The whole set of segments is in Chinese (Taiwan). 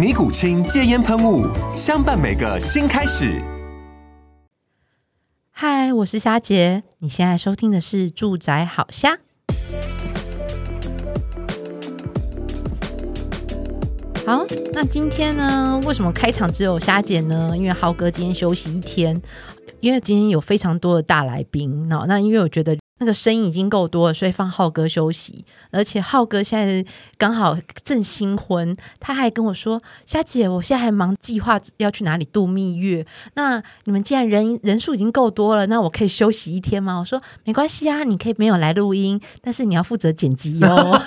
尼古清戒煙噴霧，相伴每個新開始。嗨，我是蝦姐，你現在收聽的是住宅好瞎。好，那今天呢，為什麼開場只有蝦姐呢？因為浩哥今天休息一天，因為今天有非常多的大來賓。那那因為我覺得，那個聲音已經夠多了，所以放浩哥休息。而且浩哥現在剛好正新婚，他還跟我說：“蝦姐，我現在還忙計劃要去哪裡度蜜月。”那你們既然人人數已經夠多了，那我可以休息一天嗎？我說：“沒關係啊，你可以沒有來錄音，但是你要負責剪輯哦、喔。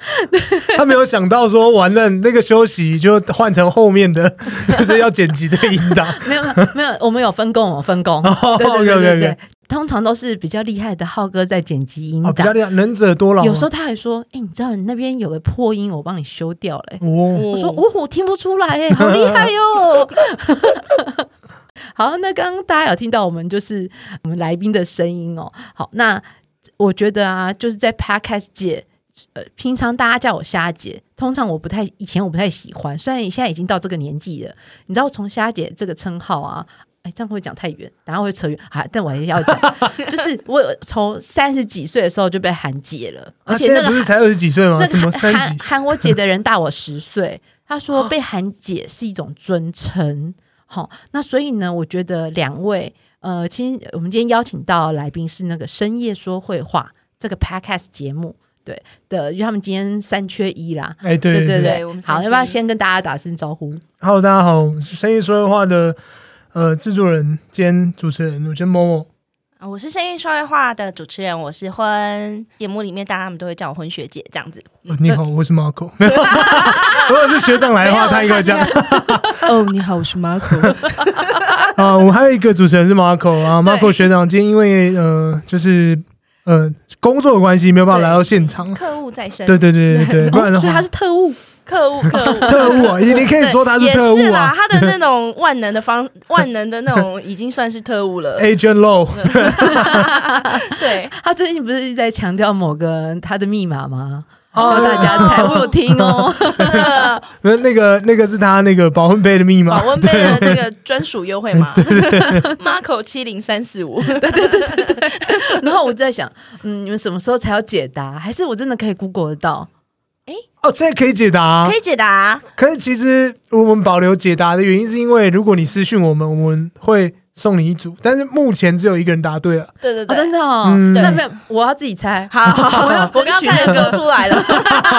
” 他沒有想到說完了那個休息就換成後面的就是要剪輯這個音檔 沒有沒有，我們有分工，我分工對對對對。Oh, okay, okay, okay. 通常都是比較厲害的浩哥在剪輯音、哦，比較厲害，能者多勞。有時候他還說：“哎、欸，你知道你那邊有個破音，我幫你修掉嘞、欸。哦”我說：“哦，我聽不出來、欸，哎，好厲害喲、喔。 ” 好，那剛剛大家有聽到我們就是我們來賓的聲音哦、喔。好，那我覺得啊，就是在 Podcast 界，呃，平常大家叫我蝦姐，通常我不太以前我不太喜歡，雖然現在已經到這個年紀了，你知道我從蝦姐這個稱號啊。哎、欸，這樣會講太遠，等下會扯遠。好，但我還是要講， 就是我從三十幾歲的時候就被喊姐了， 而且那個、他現在不是才二十幾歲嗎、那個？怎麼三十幾喊我姐的人大我十歲， 他說被喊姐是一種尊稱。好， 那所以呢，我覺得兩位呃，今我們今天邀請到的來賓是那個深夜說繪話這個 Podcast 節目對的，因為他們今天三缺一啦。哎、欸，對對對對，對，對，對，對，對，好我，好，要不要先跟大家打聲招呼，哈嘍，大家好，深夜說繪話的。呃，製作人兼主持人，我叫 Momo，我是深夜說繪話的主持人，我是昏。節目裡面，大家他們都會叫我昏學姊這樣子。嗯呃、你好，我是 Marco。沒有， 如果是學長來的話， 他應該會這樣。 哦，你好，我是 Marco。啊、 呃，我還有一個主持人是 Marco 啊，Marco 學長今天因為呃，就是呃工作關係沒有辦法來到現場。特務在身。對對對對對，不然的話，所以他是特務。 客物客物特務、啊，特務，特務！你你可以說他是特務啊，是啦，他的那種萬能的方，萬能的那種，已經算是特務了。 Agent Low，對， 對他最近不是一直在強調某個他的密碼嗎？哦，大家才會、哦、有聽、喔、哦。 對笑那個那個是他那個保溫杯的密碼，保溫杯的那個專屬優惠碼？對對對，Marco 七零三四五，對，然後我在想，嗯，你們什麼時候才要解答？還是我真的可以 Google 得到？哦，這樣可以解答，可以解答。可是其實我們保留解答的原因是因為如果你私訊我們，我們會。送你一組，但是目前只有一個人答對了。對對對，哦、真的哦。嗯、那沒有，我要自己猜，好，好，好，我要我不的時候出來了。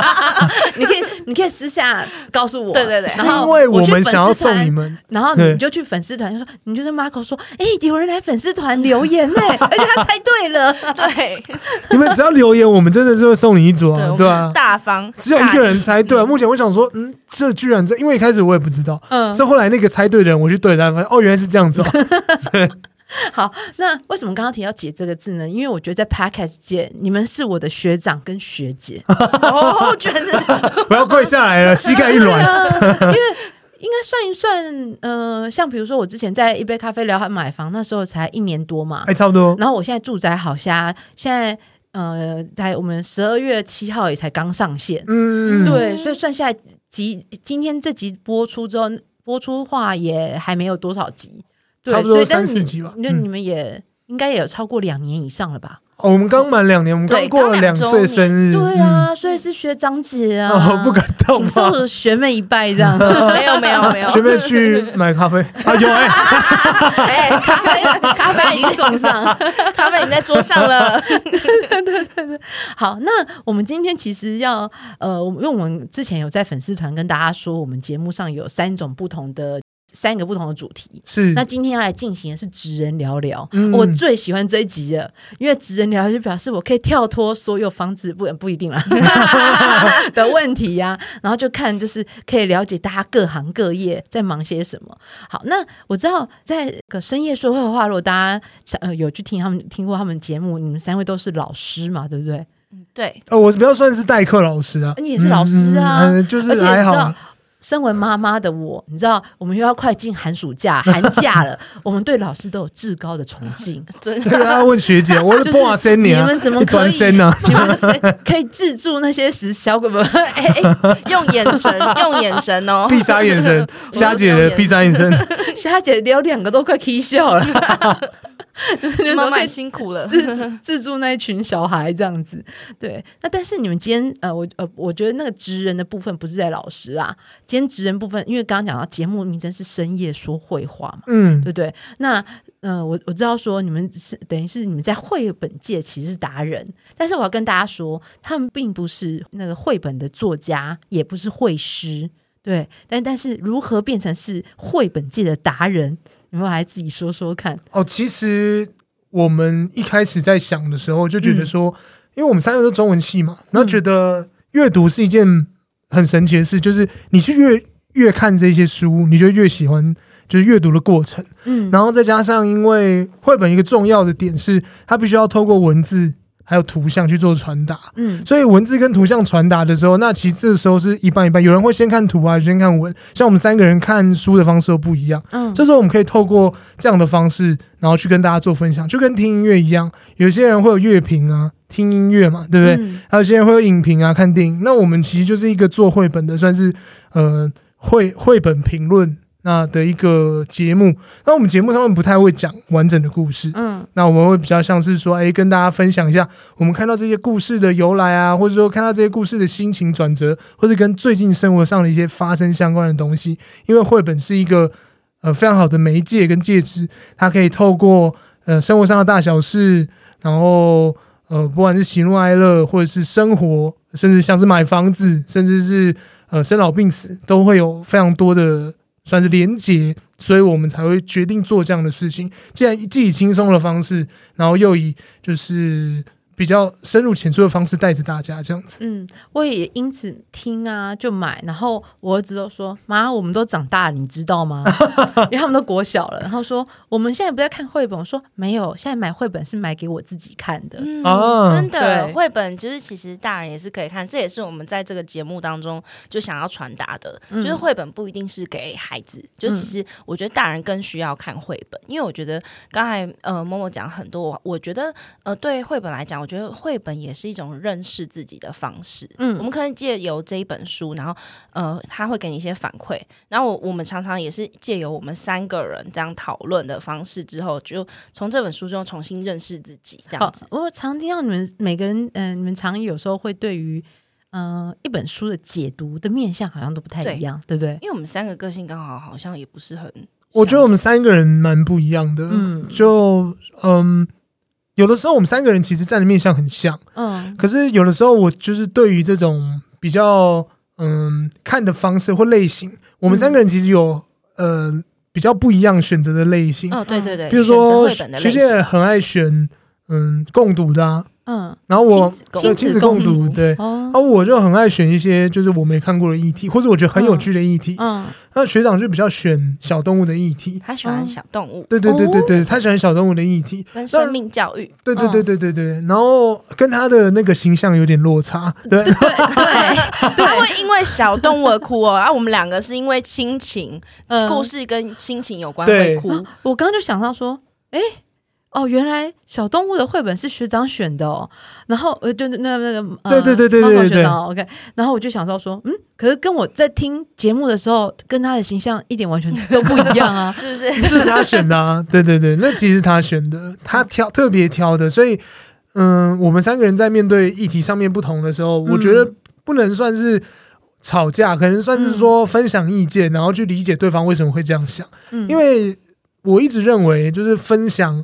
你可以你可以私下告訴我。對對對。是因為我們想要送你們，然後你就去粉絲團就說，你就跟 Marco 說，哎、欸，有人來粉絲團留言嘞、欸， 而且他猜對了。 對，你們只要留言，我們真的是會送你一組、啊，哦。對吧？對啊、大方大，只有一個人猜對、啊。目前我想說，嗯，這居然這，因為一開始我也不知道，嗯，所以後來那個猜對的人我去對他，哦，原來是這樣子哦、啊。 好，那為什麼剛剛提到“姐”這個字呢？因為我覺得在 podcast 界，你們是我的學長跟學姐。哦，我覺得，不要跪下來了， 啊、膝蓋一軟。 因為應該算一算，呃，像比如說我之前在一杯咖啡聊還買房那時候才一年多嘛，哎、欸、差不多。然後我現在住宅好瞎現在呃，在我們十二月七號也才剛上線。嗯， 對，所以算下來集，集今天這集播出之後播出的話也還沒有多少集。對差，所以三四集。你、嗯、你，你們也應該也有超過兩年以上了吧？哦，我們剛滿兩年，我們剛過了兩歲生日對。對啊，所以是學長姐啊，嗯、哦、不敢當，請受學妹一拜，這樣、啊、 沒有沒有沒有。學妹去買咖啡 啊，有、哎、欸 欸，咖啡咖啡已經送上，咖啡已經 在桌上了。對對對，好，那我們今天其實要呃，我們因為我們之前有在粉絲團跟大家說，我們節目上有三種不同的，三個不同的主題是，那今天要來進行的是職人聊聊。嗯，我最喜歡這一集了，因為職人聊聊就表示我可以跳脫所有房子不，不一定啦 的問題呀，啊，然後就看就是可以了解大家各行各業在忙些什麼。好，那我知道在這個深夜說繪話，如果大家，呃、有去聽他們聽過他們節目，你們三位都是老師嘛，對不對？對。呃、我不要算是代課老師啊，你也是老師啊，就是還好，啊、而且你身為媽媽的我，你知道，我們又要快進寒暑假，寒假了。 我們對老師都有至高的崇敬。對，要問學姐，我是八三年，你們怎麼可以呢？ 你，們以啊，你們可以自助那些死小鬼們，哎哎，用眼神， 用眼神哦，必殺眼神，蝦姐的必殺眼神，蝦姐聊兩個都快起笑了。 就 太辛苦了 自、自助那一群小孩這樣子，對。那但是你們今天呃，我呃，我覺得那個職人的部分不是在老師啊，兼職人部分，因為剛剛講到節目名稱是深夜說繪話嘛，嗯，對不對，對？那、呃、我我知道說你們是等於是你們在繪本界其實是達人，但是我要跟大家說，他們並不是那個繪本的作家，也不是繪師，對。但但是如何變成是繪本界的達人？然後還自己說說看哦。其實我們一開始在想的時候就覺得說，嗯、因為我們三個都中文系嘛，嗯、然後覺得閱讀是一件很神奇的事，就是你去越越看這些書，你就越喜歡，就是閱讀的過程。嗯，然後再加上因為繪本一個重要的點是，它必須要透過文字，還有圖像去做傳達，嗯，所以文字跟圖像傳達的時候，那其實這時候是一半一半，有人會先看圖啊，先看文，像我們三個人看書的方式都不一樣，嗯，這時候我們可以透過這樣的方式，然後去跟大家做分享，就跟聽音樂一樣，有些人會有樂評啊，聽音樂嘛，對不對？嗯，還有些人會有影評啊，看電影，那我們其實就是一個做繪本的，算是呃繪繪本評論。那的一個節目，那我們節目他們不太會講完整的故事，嗯，那我們會比較像是說，誒，跟大家分享一下，我們看到這些故事的由來啊，或者說看到這些故事的心情轉折，或者跟最近生活上的一些發生相關的東西。因為繪本是一個呃非常好的媒介跟介質，它可以透過呃生活上的大小事，然後呃不管是喜怒哀樂，或者是生活，甚至像是買房子，甚至是呃生老病死，都會有非常多的。算是連結，所以我們才會決定做這樣的事情。既然以自己輕鬆的方式，然後又以就是。比較深入淺出的方式帶着大家這樣子，嗯，我也因此聽啊就買，然後我兒子都說：“媽，我們都長大了，你知道嗎？”因 為他們都國小了，然後說我們現在不在看繪本，我說沒有，現在買繪本是買給我自己看的。嗯，啊、真的，繪本就是其實大人也是可以看，這也是我們在這個節目當中就想要傳達的、嗯，就是繪本不一定是給孩子，就其實我覺得大人更需要看繪本、嗯，因為我覺得剛才呃 Momo 講很多，我覺得呃對繪本來講，我。覺得繪本也是一種認識自己的方式。嗯，我們可以借由這一本書，然後呃，他會給你一些反饋。然後我們常常也是借由我們三個人這樣討論的方式，之後就從這本書中重新認識自己。這樣子。哦，我常聽到你們每個人，嗯、呃，你們常有時候會對於呃一本書的解讀的面向好像都不太一樣，對，對不對？因為我們三個個性剛好好像也不是很，我覺得我們三個人蠻不一樣的。嗯，就嗯。呃有的時候我們三個人其實站的面向很像，嗯，可是有的時候我就是對於這種比較嗯看的方式或類型，嗯，我們三個人其實有呃比較不一樣選擇的類型，哦對對對，比如說學姐很愛選嗯共讀的，啊。嗯，然後我親子，子共讀，嗯、對，然、啊、後我就很愛選一些就是我沒看過的議題，嗯、或者我覺得很有趣的議題，嗯。嗯，那學長就比較選小動物的議題，他喜歡小動物。對對對對對，哦、他喜歡小動物的議題，生命教育。對對對對對對、嗯，然後跟他的那個形象有點落差。對對對， 對，他會因為小動物而哭哦、喔， 然後我們兩個是因為親情、嗯，故事跟親情有關對哭。對啊、我剛剛就想到說，哎、欸。哦，原來小動物的繪本是學長選的哦。然後呃，對，那那個、呃、對對對對對對，對，對，對，對，學長，OK。然後我就想到說，嗯，可是跟我在聽節目的時候，跟他的形象一點完全都不一樣啊， 是不是？是他選的啊， 對對對，那其實他選的，他挑特別挑的。所以，嗯、呃，我們三個人在面對議題上面不同的時候、嗯，我覺得不能算是吵架，可能算是說分享意見，嗯、然後去理解對方為什麼會這樣想。嗯、因為我一直認為就是分享。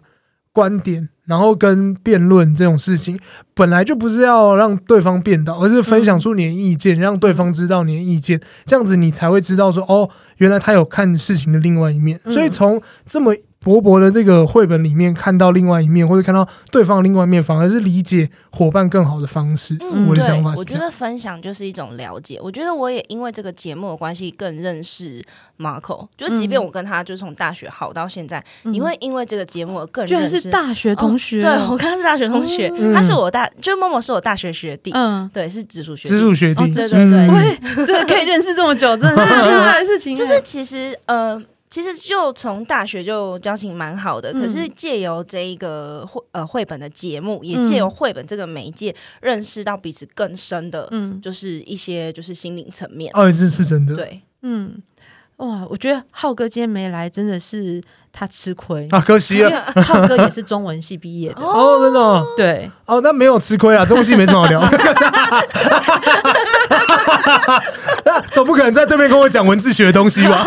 觀點，然後跟辯論這種事情，本來就不是要讓對方辯倒，而是分享出你的意見、嗯，讓對方知道你的意見，這樣子你才會知道說，哦，原來他有看事情的另外一面。嗯、所以從這麼薄薄的這個繪本裡面，看到另外一面，或者看到對方另外一面，反而是理解夥伴更好的方式。嗯、我的想法是，我覺得分享就是一種了解。我覺得我也因為這個節目的關係，更認識 Marco。就即便我跟他就從大學好到現在，嗯、你會因為這個節目更認識、嗯哦、剛剛大學同學？對，我看他是大學同學，他是我大，就是 Momo 是我大學學弟。嗯，對，是直屬學直屬學弟。哦，對對對，可以認識這麼久，真的是厲害事情。 就是其實，呃……其實就從大學就交情蠻好的，嗯、可是借由這一個繪呃繪本的節目，也借由繪本這個媒介、嗯，認識到彼此更深的，嗯，就是一些就是心靈層面。哦，這是真的，對，嗯，哇，我覺得浩哥今天沒來真的是他吃虧，啊，可惜啊， 浩哥也是中文系畢業的，哦，真的，對，哦，那沒有吃虧啊，中文系沒什麼好聊。 總不可能在對面跟我講文字學的東西吧？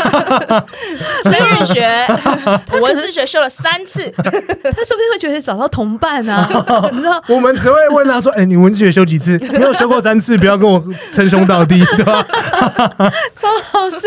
聲 韻 學他，文字學修了三次，他說不定會覺得找到同伴啊。 你知道， 我們只會問他說：“哎、欸，你文字學修幾次？沒有修過三次，不要跟我稱兄道弟，對吧？” 超好笑、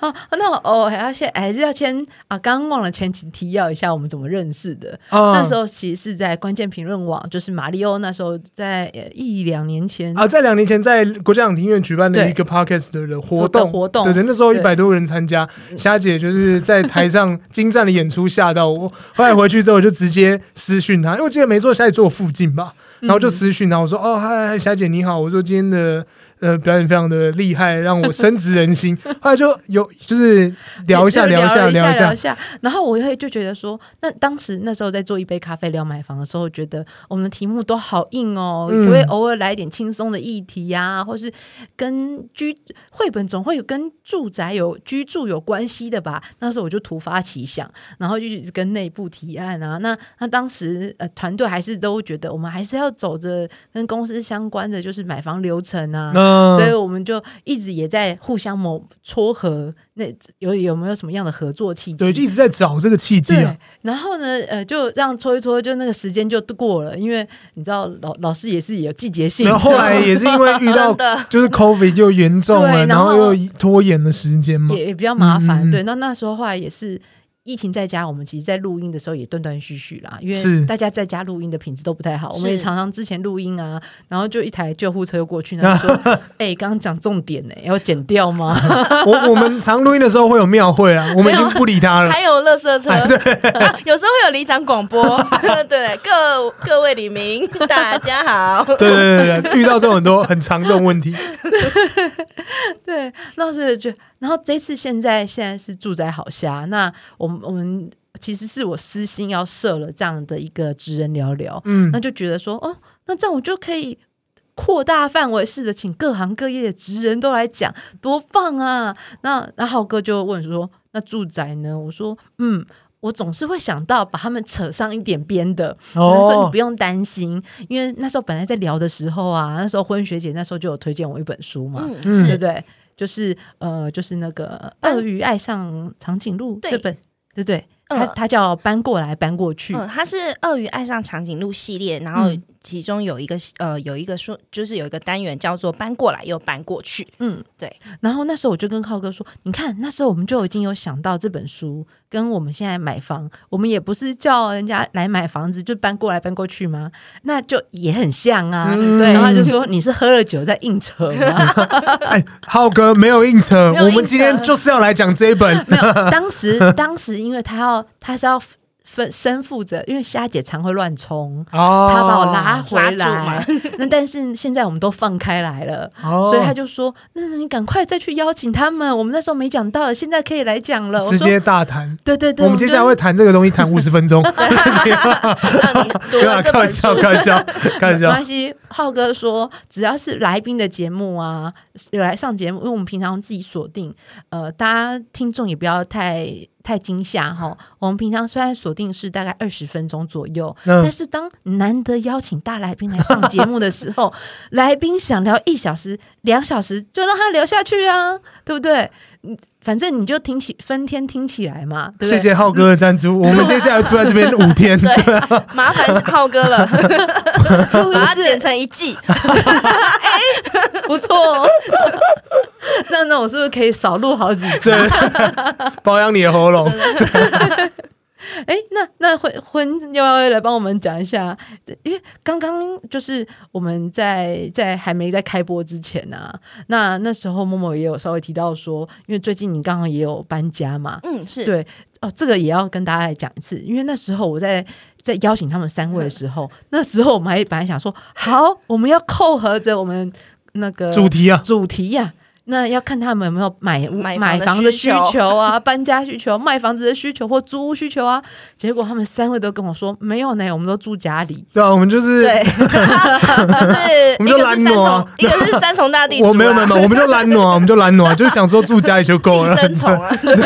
哦、那我哦還要先還是要先啊，剛忘了前情提要一下我們怎麼認識的、哦。那時候其實是在關鍵評論網，就是馬里歐那時候在一兩年前啊，在兩年前在。國家兩廳院舉辦的一個 Podcast 的活動，活動對對，那時候一百多人參加，蝦姐就是在台上精湛的演出嚇到我， 後來回去之後我就直接私訊她，因為記得沒錯，蝦姐坐我附近吧，然後就私訊她，我說：“哦嗨，蝦姐你好，我說今天的。”呃，表演非常的厲害，讓我深植人心。 後來就有就是聊一下，聊，一下，聊一下，聊一下，然後我會就覺得說，那當時那時候在做一杯咖啡聊買房的時候，覺得我們的題目都好硬哦、喔，會、嗯、會偶爾來一點輕鬆的議題呀、啊？或是跟居繪本總會有跟住宅有居住有關係的吧？那時候我就突發奇想，然後就跟內部提案啊，那那當時呃團隊還是都覺得我們還是要走着跟公司相關的，就是買房流程啊。嗯、所以我們就一直也在互相磨撮合，那有有沒有什麼樣的合作契機？對，一直在找這個契機、啊、然後呢，呃，就這樣搓一搓，就那個時間就過了，因為你知道老老師也是有季節性。那後來也是因為遇到 的就是 COVID 就又嚴重了 對，然後，然後又拖延了時間嘛，也也比較麻煩、嗯。對，那那時候後來也是。疫情在家，我們其實，在錄音的時候也斷斷續續啦，因為大家在家錄音的品質都不太好。我們也常常之前錄音啊，然後就一台救護車又過去那啦。哎、 欸，剛剛講重點呢、欸，要剪掉嗎？ 我我們常錄音的時候會有廟會啊，我們已經不理他了。有還有垃圾車，哎、 有時候會有里長廣播， 對，各各位里民大家好。 對，對，對對對對，遇到這種很多很常這種問題 對。對，那時候就。然後這次現在現在是住宅好瞎，那我們我們其實是我私心要設了這樣的一個職人聊聊，嗯，那就覺得說哦，那這樣我就可以擴大範圍，試着請各行各業的職人都來講，多棒啊！那然後浩哥就問說：“那住宅呢？”我說：“嗯，我總是會想到把他們扯上一點邊的，所、哦、以你不用擔心，因為那時候本來在聊的時候啊，那時候昏學姐那時候就有推薦我一本書嘛，嗯是對不對？”嗯就是呃，就是那個鱷魚愛上長頸鹿、嗯、這本，對對，對，對，呃、它它叫搬過來搬過去，呃、它是《鱷魚愛上長頸鹿》系列，然後、嗯。其中有一個呃，有一個說，就是有一個單元叫做“搬過來又搬過去”。嗯，對。然後那時候我就跟浩哥說：“你看，那時候我們就已經有想到這本書跟我們現在買房，我們也不是叫人家來買房子，就搬過來搬過去嗎？那就也很像啊。嗯”對。然後他就說：“你是喝了酒在硬扯嗎？” 哎，浩哥沒有硬扯，我們今天就是要來講這一本。當時，當時因為他要，他是要。身負着因為蝦姐常會亂衝，他、oh, 把我拉回來。 那但是現在我們都放開來了，oh. 所以他就說：“那你趕快再去邀請他們。我們那時候沒講到，現在可以來講了。”直接大談，對對對，我們接下來會談這個東西，談五十分鐘。哈哈哈哈哈。不 開玩笑，開玩笑，開玩笑。沒關係，浩哥說，只要是來賓的節目啊，有來上節目，因為我們平常自己鎖定，呃，大家聽眾也不要太。太驚嚇哈！我們平常雖然鎖定是大概二十分鐘左右，但是當難得邀請大來賓來上節目的時候， 來賓想聊一小時、兩小時，就讓他聊下去啊，對不對？反正你就聽起分天聽起來嘛，對對謝謝浩哥的贊助， 我們接下來住在這邊五天， 對，麻煩浩哥了， 把它剪成一季， 哎、 欸，不錯哦， 那那我是不是可以少錄好幾次 保養你的喉嚨？ 對對對笑哎、欸，那那昏昏要不要來幫我們講一下？因為剛剛就是我們在在還沒在開播之前呢、啊，那那時候 Momo 也有稍微提到說，因為最近你剛剛也有搬家嘛，嗯是對哦，這個也要跟大家來講一次，因為那時候我在在邀請他們三位的時候、嗯，那時候我們還本來想說，好，我們要扣合着我們那個主題啊，主題呀。那要看他們有沒有買買房的需求啊，搬家需求、 搬家需求、賣房子的需求或租屋需求啊。結果他們三位都跟我說沒有呢，我們都住家裡。對啊，我們就是，我們、 就是、 我們就懶惰、啊、三重， 一個是三重大地主、啊。我沒有沒有，我們就懶惰、啊，我們就懶惰、啊， 就是想說住家裡就夠了。 寄生蟲啊！對，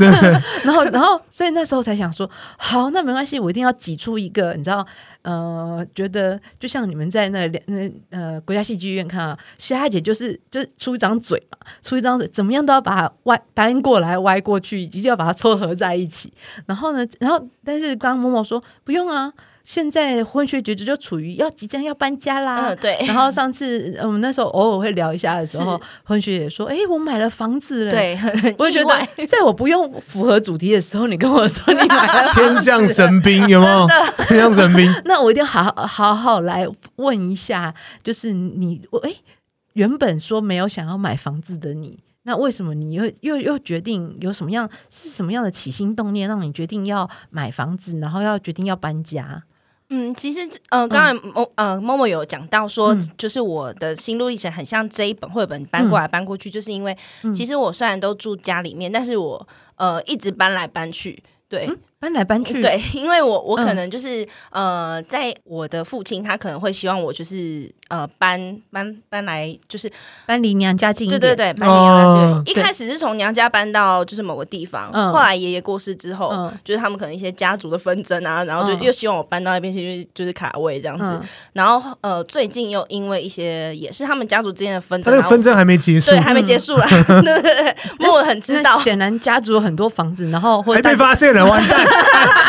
對 然後然後，所以那時候才想說，好，那沒關係，我一定要擠出一個，你知道。呃，覺得就像你們在那兩那，那呃國家戲劇院看啊，夏海姐就是就是、出一張嘴嘛，出一張嘴怎麼樣都要把它歪搬過來、歪過去，一定要把它撮合在一起。然後呢，然後但是剛剛某某說不用啊。現在昏學姊姊就處於要即將要搬家啦，嗯、對。然後上次我們、嗯、那時候偶爾會聊一下的時候，昏學姊說：“哎、欸，我買了房子了。”對，我也覺得在我不用符合主題的時候，你跟我說你買了房子。天降神兵有沒有？天降神兵。啊，真的。天降神兵，那我一定要好好好好來問一下，就是你我、哎、欸，原本說沒有想要買房子的你，那為什麼你又又又決定有什麼樣是什麼樣的起心動念，讓你決定要買房子，然後要決定要搬家？嗯，其實呃，剛才某、嗯、呃 Momo 有講到說、嗯，就是我的心路歷程很像這一本繪本搬過來搬過去，嗯、就是因為、嗯、其實我雖然都住家裡面，但是我呃一直搬來搬去，對。嗯搬來搬去，對，因為我我可能就是、嗯、呃，在我的父親他可能會希望我就是呃搬搬搬來就是搬離娘家近一點，對對對，搬離娘家對、哦。一開始是從娘家搬到就是某個地方，嗯、後來爺爺過世之後、嗯，就是他們可能一些家族的紛爭啊，然後就又希望我搬到那邊去，就是卡位這樣子。嗯、然後呃，最近又因為一些也是他們家族之間的紛爭，他那個紛爭還沒結束、嗯，對，還沒結束啦、嗯，對對對，對，對，我 很知道，顯然家族有很多房子，然後會還被發現了，完蛋。 哎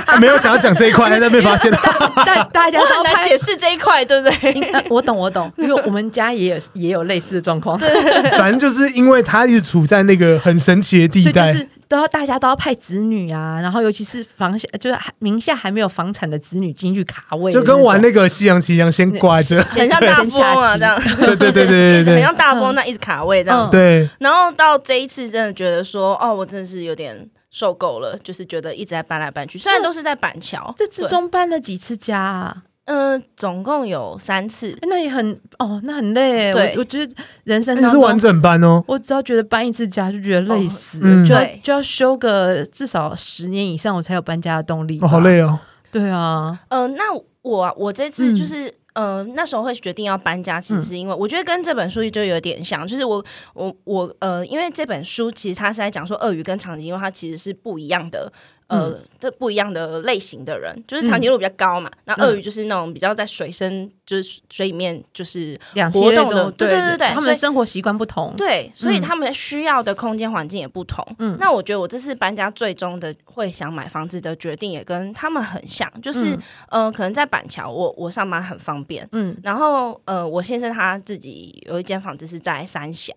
哎、沒有想要講這一塊、哎，但在被發現了。大大家來解釋這一塊，對不對、嗯？我懂，我懂，因為我們家也有也有類似的狀況。 對對對對，反正就是因為他一直處在那個很神奇的地帶，就是都要大家都要派子女啊，然後尤其是房下就是名下還沒有房產的子女進去卡位，就跟玩那個西洋棋一樣，先掛着，很像大風啊這樣。對對對對對，對， 很像大風那、嗯、一直卡位這樣、嗯嗯。對。然後到這一次，真的覺得說，哦，我真的是有點。受夠了，就是覺得一直在搬來搬去，雖然都是在板橋，啊，這之中搬了幾次家啊？嗯、呃，總共有三次，欸、那也很哦，那很累，欸。對我，我覺得人生你是完整搬哦，我只要覺得搬一次家就覺得累死，哦嗯，就要對就要休個至少十年以上，我才有搬家的動力，哦。好累哦。對啊，嗯、呃，那我我這次就是。嗯嗯、呃，那時候會決定要搬家，其實是因為、嗯、我覺得跟這本書就有點像，就是我我我呃，因為這本書其實它是在講說鱷魚跟長頸鹿它其實是不一樣的。呃、嗯，這不一樣的類型的人，就是長頸鹿比較高嘛，那、嗯、鱷魚就是那種比較在水深，就是水裡面就是活動的，對對對，對、對、對、對、啊、他們的生活習慣不同，對、嗯，所以他們需要的空間環境也不同。嗯，那我覺得我這次搬家最終的會想買房子的決定也跟他們很像，就是、嗯、呃，可能在板橋我，我我上班很方便，嗯，然後呃，我先生他自己有一間房子是在三峽。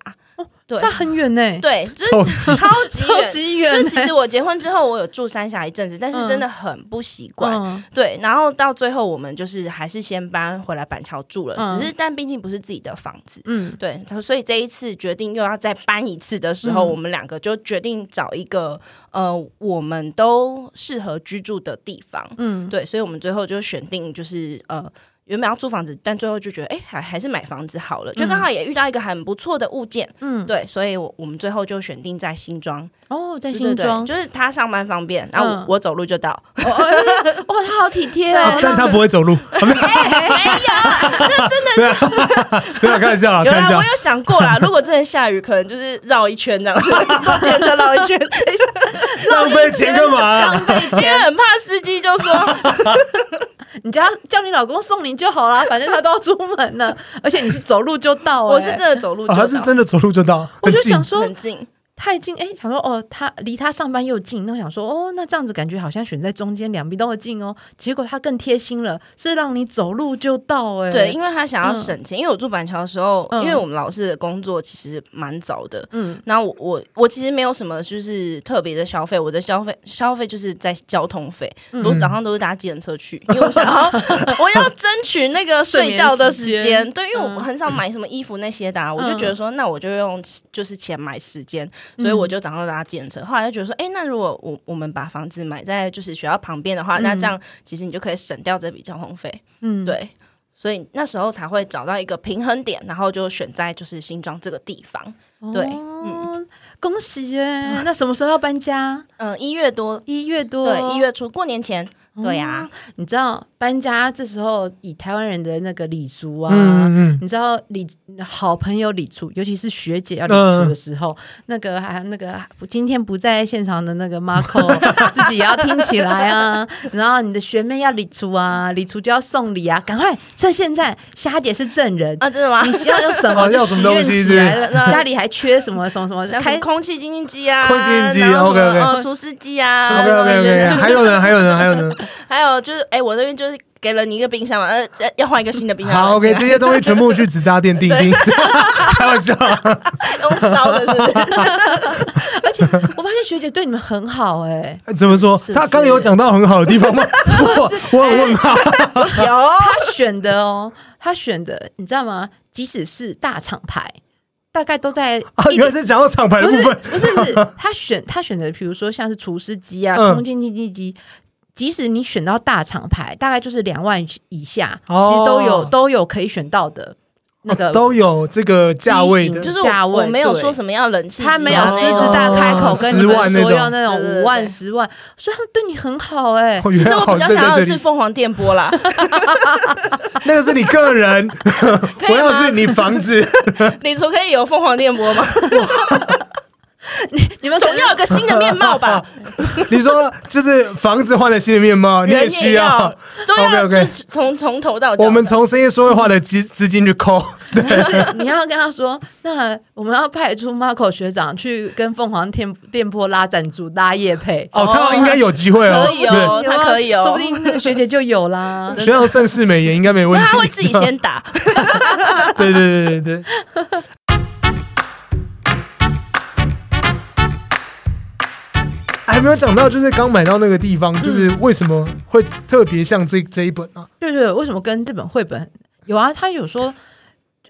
在很遠呢，對，就是超級超級，超級遠。就其實我結婚之後，我有住三峽一陣子，嗯、但是真的很不習慣、嗯。對，然後到最後我們就是還是先搬回來板橋住了，嗯、只是但畢竟不是自己的房子。嗯，對，所以這一次決定又要再搬一次的時候，嗯、我們兩個就決定找一個呃我們都適合居住的地方。嗯，對，所以我們最後就選定就是呃。原本要租房子，但最後就覺得，哎、欸，還還是買房子好了。嗯、就剛好也遇到一個很不錯的物件，嗯，對，所以我們最後就選定在新莊。哦，在新莊，就是他上班方便，然後我、嗯、我走路就到。哦，欸、他好體貼啊！但他不會走路。哎、那個欸欸、呀，那真的是，不要開玩笑，啊。玩、啊啊、笑有有、啊。我有想過啦，如果真的下雨， 可能就是繞一圈這樣子，從 繞一圈，浪費錢幹嘛、啊？浪費錢很怕司機就說， 你叫叫你老公送你。你就好啦，反正他都要出門了， 而且你是走路就到。欸，我是真的走路就到。啊，他是真的走路就到，我就想說很近太近哎，想說哦，他離他上班又近，那我想說哦，那這樣子感覺好像選在中間，兩邊都會近哦。結果他更貼心了，是讓你走路就到哎、欸。對，因為他想要省錢。嗯、因為我住板橋的時候、嗯，因為我們老師的工作其實蠻早的，嗯，那我我,我其實沒有什麼就是特別的消費，我的消費消費就是在交通費，我、嗯、早上都是搭計程車去、嗯，因為我想、 哦、我要爭取那個睡覺的時間，對，因為我很少買什麼衣服那些的、啊嗯，我就覺得說那我就用就是錢買時間。所以我就打算搭計程車、嗯。後來就覺得說，哎、欸，那如果我我們把房子買在就是學校旁邊的話、嗯，那這樣其實你就可以省掉這筆交通費。嗯，對，所以那時候才會找到一個平衡點，然後就選在就是新莊這個地方、哦。對，嗯，恭喜耶！ 那什麼時候要搬家？嗯，一月多，一月多，對，一月初，過年前。嗯、對呀，你知道搬家這時候以台灣人的那個禮俗啊、嗯嗯，你知道你好朋友禮俗，尤其是學姐要禮俗的時候，呃、那個還、啊、那個今天不在現場的那個 Marco 自己也要聽起來啊。然 後你，你的學妹要禮俗啊，禮俗就要送禮啊，趕快！趁現在蝦姐是證人啊，真的嗎？你需要用什麼？要、啊、什麼東西？家裡還缺什麼？什麼什麼？像空氣清新機啊，清新機 OK o 除濕機啊，OK OK o、哦啊啊、還有人，還有人，還有人。 還有就是，哎、欸，我那邊就是給了你一個冰箱嘛，呃，呃要換一個新的冰箱。好，OK，這,這些東西全部去紙扎店訂金。開玩笑，用 燒的是。不是？ 而且我發現學姐對你們很好、欸，哎、欸，怎麼說？是是他剛有講到很好的地方嗎？是是我有問他，有、欸、 他選的哦，他選的，你知道嗎？即使是大廠牌，大概都在、啊。原來是講廠牌，的部分不,是不是不是，他選她選擇，比如說像是廚師機啊，嗯、空氣締締機。即使你選到大廠牌，大概就是兩萬以下，哦，其實都有都有可以選到的那個的，哦，都有這個價位的，就是我沒有說什麼要冷氣，啊，他沒有獅子大開口跟你說要那種五萬、十萬。對對對，十萬，所以他們對你很好哎，欸。其實我比較想要的是鳳凰電波啦， 那個是你個人，不 要是你房子， 你說可以有鳳凰電波嗎？ 你你們總要有個新的面貌吧？ 你說就是房子換了新的面貌， 你也需要都要，要就是從從 頭到腳。我們從深夜說繪話的資資金去摳。就是、你要跟他說，那我們要派出 Marco 學長去跟鳳凰天店鋪拉贊助、拉業配。哦，他應該有機會哦，可以哦，對他可以哦，他可以哦，說不定那個學姐就有啦。 學長盛世美顏應該沒問題，他會自己先打。對 對對對對。 還沒有講到，就是剛買到那個地方，嗯，就是為什麼會特別像這這一本啊？對，對對，為什麼跟這本繪本有啊？他有說，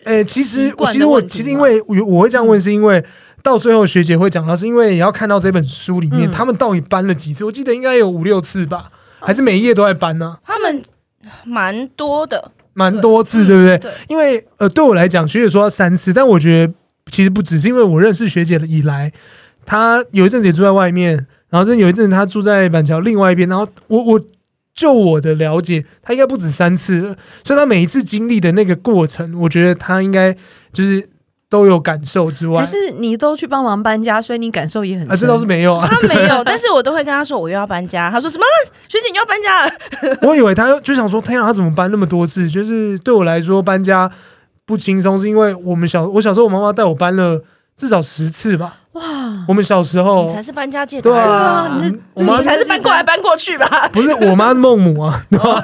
呃、欸，其實我其實我其實因為我會這樣問，是因為、嗯、到最後學姐會講到，是因為也要看到這本書裡面，嗯、他們到底搬了幾次？我記得應該有五六次吧，還是每一頁都在搬呢，啊？他們蠻多的，蠻多次，對不對？嗯、對，因為呃，對我來講，學姐說要三次，但我覺得其實不止，是因為我認識學姐以來，她有一陣子也住在外面。然後這有一陣子他住在板橋另外一邊，然後我我就我的了解，他應該不止三次了。所以他每一次經歷的那個過程，我覺得他應該就是都有感受之外。可是你都去幫忙搬家，所以你感受也很深。啊，這倒是沒有啊，他沒有。但是我都會跟他說，我又要搬家。他說什麼？學姐你要搬家了。 我以為他就想說，天啊，他怎麼搬那麼多次？就是對我來說搬家不輕鬆，是因為我們小我小時候，我媽媽帶我搬了至少十次吧。哇！我們小時候你才是搬家界的，啊啊，對啊，你媽才是搬過來搬過去吧？是不，是不是，我媽是孟母啊， 對吧。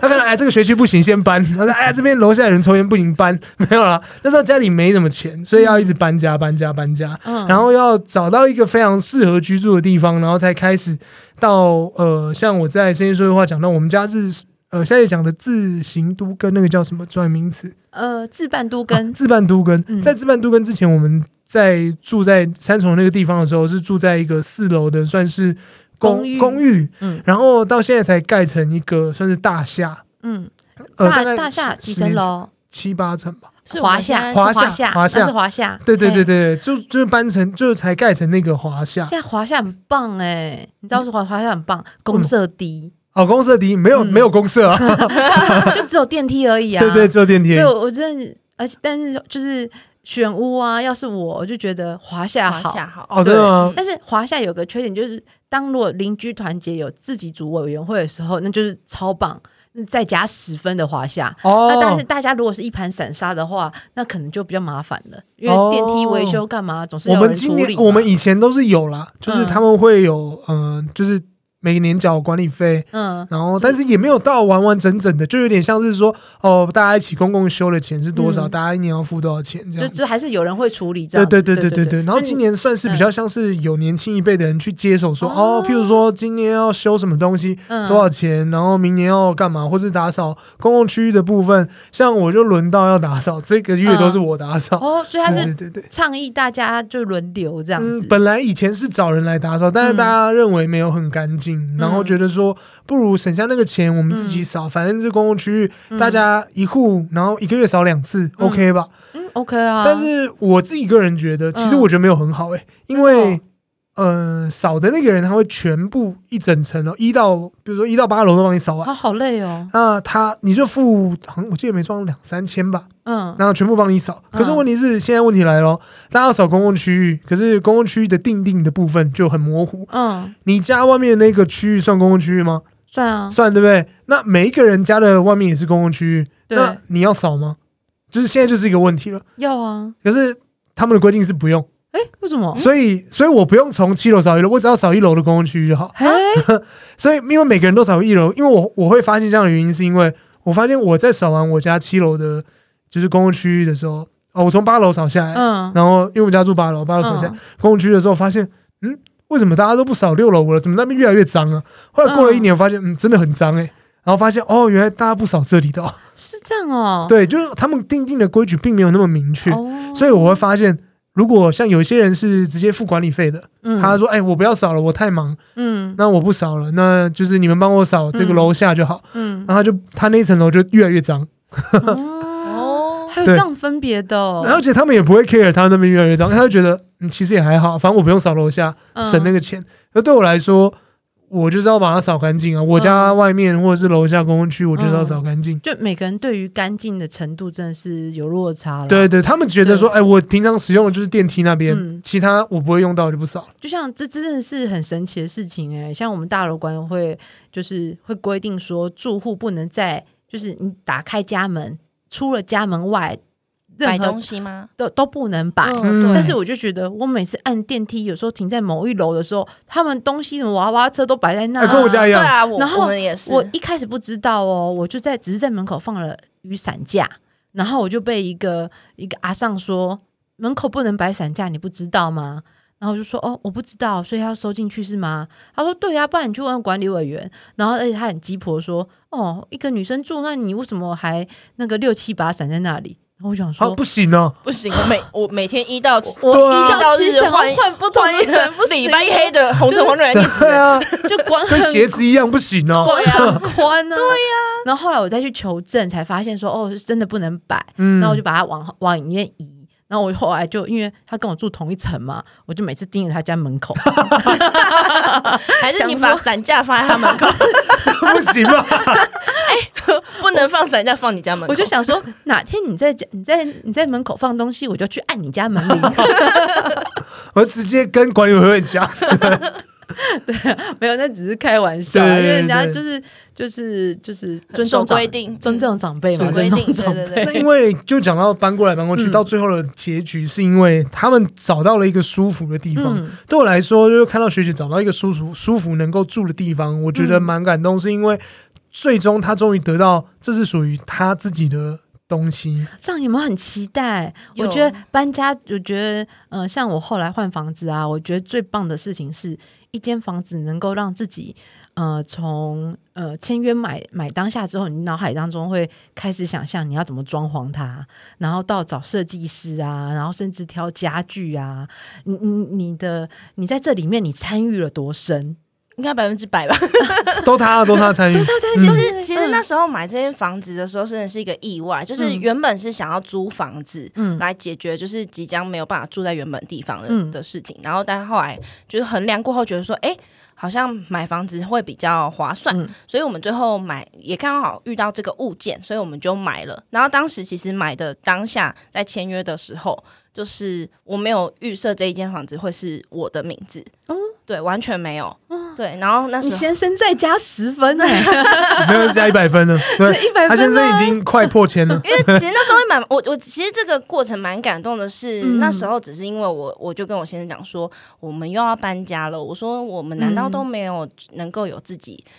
他看到哎，這個學區不行，先搬。他說哎呀，這邊樓下的人抽煙不行搬，搬沒有了。那時候家裡沒什麼錢，所以要一直搬家，嗯，搬家，搬家，然後要找到一個非常適合居住的地方，然後才開始到呃，像我在深夜說繪話，講到，我們家是。呃，現在講的自行都更那個叫什麼專名詞？呃，自辦都更、啊、自辦都更、嗯。在自辦都更之前，我們在住在三重那個地方的時候，是住在一個四樓的算是公、公寓公寓。嗯，然後到現在才蓋成一個算是大廈。嗯、呃、大大廈幾層樓？七八層吧。是華廈，華廈，華廈、華廈是華廈。對對對對、對，就就是搬成就是才蓋成那個華廈。現在華廈很棒哎、欸，你知道是華華廈很棒，嗯、公設低。嗯哦，公設的沒有、嗯、沒有公設、啊， 就只有電梯而已啊。對對，對，只有電梯。所以我真的，我認而且但是就是選屋啊，要是我我就覺得華夏好、華夏好。哦，對啊、哦。但是華夏有個缺點就是，當如果鄰居團結有自己組委員會的時候，那就是超棒。那再加十分的華夏。哦。那、啊、但是大家如果是一盤散沙的話，那可能就比較麻煩了，因為電梯維修幹嘛、哦、總是要有人處理嘛。我們今年我們以前都是有啦，就是他們會有嗯、呃，就是。每年繳管理費，嗯，然後但是也沒有到完完整整的，就有點像是說，哦、呃，大家一起公共修的錢是多少，嗯、大家一年要付多少錢，這樣就，就還是有人會處理，這樣。對，對對對對對對。然後今年算是比較像是有年輕一輩的人去接手說，說、嗯，哦，譬如說今年要修什麼東西、哦，多少錢，然後明年要幹嘛，或是打掃公共區域的部分，像我就輪到要打掃，這個月都是我打掃。哦、嗯，所以他是對對，對，對，對倡議大家就輪流這樣子、嗯。本來以前是找人來打掃，但是大家認為沒有很乾淨。然後覺得說、嗯，不如省下那個錢，我們自己掃，嗯、反正這公共區域、嗯、大家一戶，然後一個月掃兩次、嗯、，OK 吧、嗯、？OK 啊。但是我自己個人覺得，其實我覺得沒有很好、欸，誒、嗯，因為。嗯哦嗯、呃，掃的那個人他會全部一整層哦，一到比如說一到八樓都幫你掃完，他好累哦。那他你就付，好像我記得沒算，兩三千吧？嗯，那全部幫你掃。可是問題是、嗯、現在問題來了，大家要掃公共區域，可是公共區域的定定的部分就很模糊。嗯，你家外面那個區域算公共區域嗎？算啊，算對不對？那每一個人家的外面也是公共區域對，那你要掃嗎？就是現在就是一個問題了。要啊，可是他們的規定是不用。誒、欸，為什麼？所以，所以我不用從七樓掃一樓，我只要掃一樓的公共區域就好。 所以，因為每個人都掃一樓，因為我我會發現這樣的原因，是因為我發現我在掃完我家七樓的，就是公共區域的時候，哦，我從八樓掃下來，嗯，然後因為我家住八樓，八樓掃下、嗯、公共區的時候，發現，嗯，為什麼大家都不掃六樓我了？怎麼那邊越來越髒啊？後來過了一年，我發現嗯，嗯，真的很髒，誒，然後發現，哦，原來大家不掃這裡的、哦，是這樣哦。對，就是他們訂定的規矩並沒有那麼明確、哦，所以我會發現。如果像有些人是直接付管理費的，嗯、他說：“哎、欸，我不要掃了，我太忙。”嗯，那我不掃了，那就是你們幫我掃這個樓下就好。嗯，然後他就他那一層樓就越來越髒。嗯、 哦，還有這樣分別的。而且他們也不會 care，他那邊越來越髒，他就覺得、嗯、其實也還好，反正我不用掃樓下，省那個錢。那、嗯、對我來說。我就是要把它掃乾淨啊！我家外面或者是樓下公共區、嗯，我就是要掃乾淨。就每個人對於乾淨的程度真的是有落差了。對對，他們覺得說，哎、欸，我平常使用的就是電梯那邊，嗯、其他我不會用到就不掃。就像這真的是很神奇的事情哎、欸！像我們大樓管委會就是會規定說，住戶不能在，就是你打開家門，出了家門外。擺東西嗎？都都不能擺，嗯。但是我就覺得，我每次按電梯，有時候停在某一樓的時候，他們東西什麼娃娃車都擺在那，跟我一樣。對啊，嗯、然後也是我一開始不知道哦，我就在只是在門口放了雨傘架，然後我就被一個一個阿桑說門口不能擺傘架，你不知道嗎？然後我就說哦，我不知道，所以他要收進去是嗎？他說對呀、啊，不然你去問管理委員。然後而且他很雞婆說哦，一個女生住，那你為什麼還那個六七把傘在那裡？我想說、啊，不行啊，不行！我每我每天一到、啊、我一到日換換不同不行一身，禮拜一黑的紅橙黃綠藍啊，就光，跟鞋子一樣不行哦，光很寬啊，對呀、啊啊。然後後來我再去求證，才發現說，哦，是真的不能擺。嗯，那我就把它往往裡面移。那我後來就因為他跟我住同一層嘛，我就每次盯着他家門口， 還是你把傘架放在他門口， 不行嗎， 哎、不能放傘架放你家門口我，我就想說哪天你在家你在你在，你在門口放東西，我就去按你家門鈴， 我直接跟管理員講。 對，沒有，那只是開玩笑。因為人家就是就是就是尊重規定，尊重長輩嘛一定，尊重長輩。對對，對，對因為就講到搬過來搬過去，嗯，到最後的結局是因為他們找到了一個舒服的地方。嗯、對我來說，就是看到學姐找到一個舒服、舒服能夠住的地方，我覺得蠻感動、嗯。是因為最終她終於得到，這是屬於她自己的東西。這樣你們很期待？我覺得搬家，我覺得嗯、呃，像我後來換房子啊，我覺得最棒的事情是。一間房子能夠讓自己，呃，從呃簽約買買當下之後，你腦海當中會開始想象，你要怎麼裝潢它，然後到找設計師啊，然後甚至挑家具啊，你你你的你在這裡面你參與了多深？應該百分之百吧 都、啊，都他都他參與，都他參與。其實其實那時候買這間房子的時候，真的是一個意外，嗯、就是原本是想要租房子，嗯，來解決就是即將沒有辦法住在原本地方的、嗯、的事情。然後但後來就是衡量過後，覺得說，哎、欸，好像買房子會比較划算，嗯、所以我們最後買也剛好遇到這個物件，所以我們就買了。然後當時其實買的當下在簽約的時候。就是我沒有預設這一間房子會是我的名字，嗯，對，完全沒有，嗯，對。然後那時候你先生再加十分、欸，呢？ 沒有加一百分呢，對，一百分他先生已經快破千了。 因為其實那時候蠻我我其實這個過程蠻感動的是，是、嗯、那時候只是因為我我就跟我先生講說，我們又要搬家了。我說我們難道都沒有能夠有自己？嗯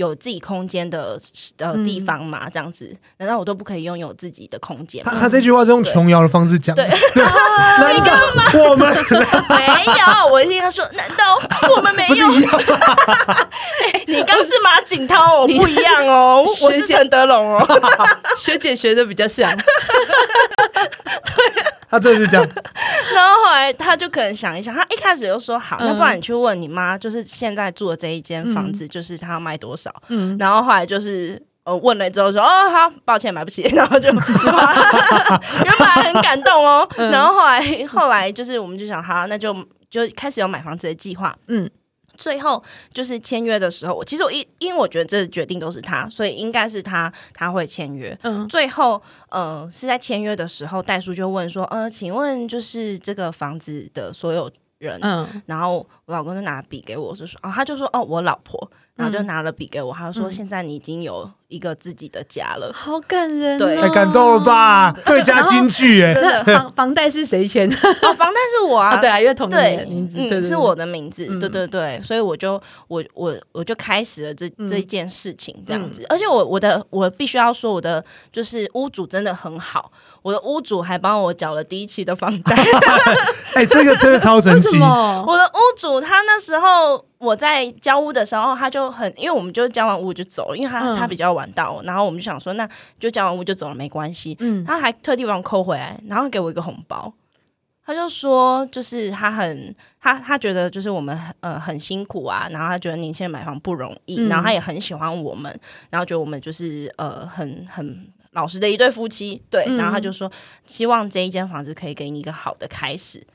有自己空間的，的地方嘛？這樣子，嗯，難道我都不可以擁有自己的空間嗎？他他這句話是用瓊瑤的方式講的。難道、 啊、我們、啊 啊、沒有？ 我聽他說，難道我們沒有？ 欸、你剛是馬景濤、哦、我不一樣哦，是我是陳德龍哦， 學姐學的比較像。 對。 他真的是這樣， 然後後來他就可能想一想，他一開始就說好，那不然你去問你媽，就是現在住的這一間房子，就是他要賣多少？嗯、然後後來就是呃、哦、問了之後說哦，好，抱歉買不起，然後就， 原本來很感動哦，嗯、然後後來後來就是我們就想哈，那就就開始有買房子的計劃，嗯。最後就是簽約的時候，我其實我一因為我覺得這決定都是他，所以應該是他他會簽約、嗯。最後呃是在簽約的時候，代書就問說：“呃，請問就是這個房子的所有人？”嗯，然後我老公就拿筆給我，就說：“哦，他就說哦，我老婆。”然後就拿了筆給我，他說：“現在你已經有一個自己的家了，好感人，太、欸、感動了吧！嗯、最佳金句、欸，哎， 房房貸是誰簽的、哦？房貸是我啊，啊，對啊，因為同名名字對、嗯對對對，是我的名字、嗯，對對對，所以我就我我我就開始了這、嗯、這件事情，這樣子。嗯、而且我我的我必須要說，我的就是屋主真的很好，我的屋主還幫我繳了第一期的房貸。哎 欸，這個真的超神奇，為什麼我的屋主他那時候。”我在交屋的時候，他就很，因為我們就是交完屋就走了，因為他他比較晚到、嗯，然後我們就想說，那就交完屋就走了，沒關係、嗯。他還特地幫我扣回來，然後給我一個紅包。他就說，就是他很，他他覺得就是我們呃很辛苦啊，然後他覺得年輕人買房不容易、嗯，然後他也很喜歡我們，然後覺得我們就是呃很很老實的一對夫妻，對，然後他就說，嗯、希望這一間房子可以給你一個好的開始。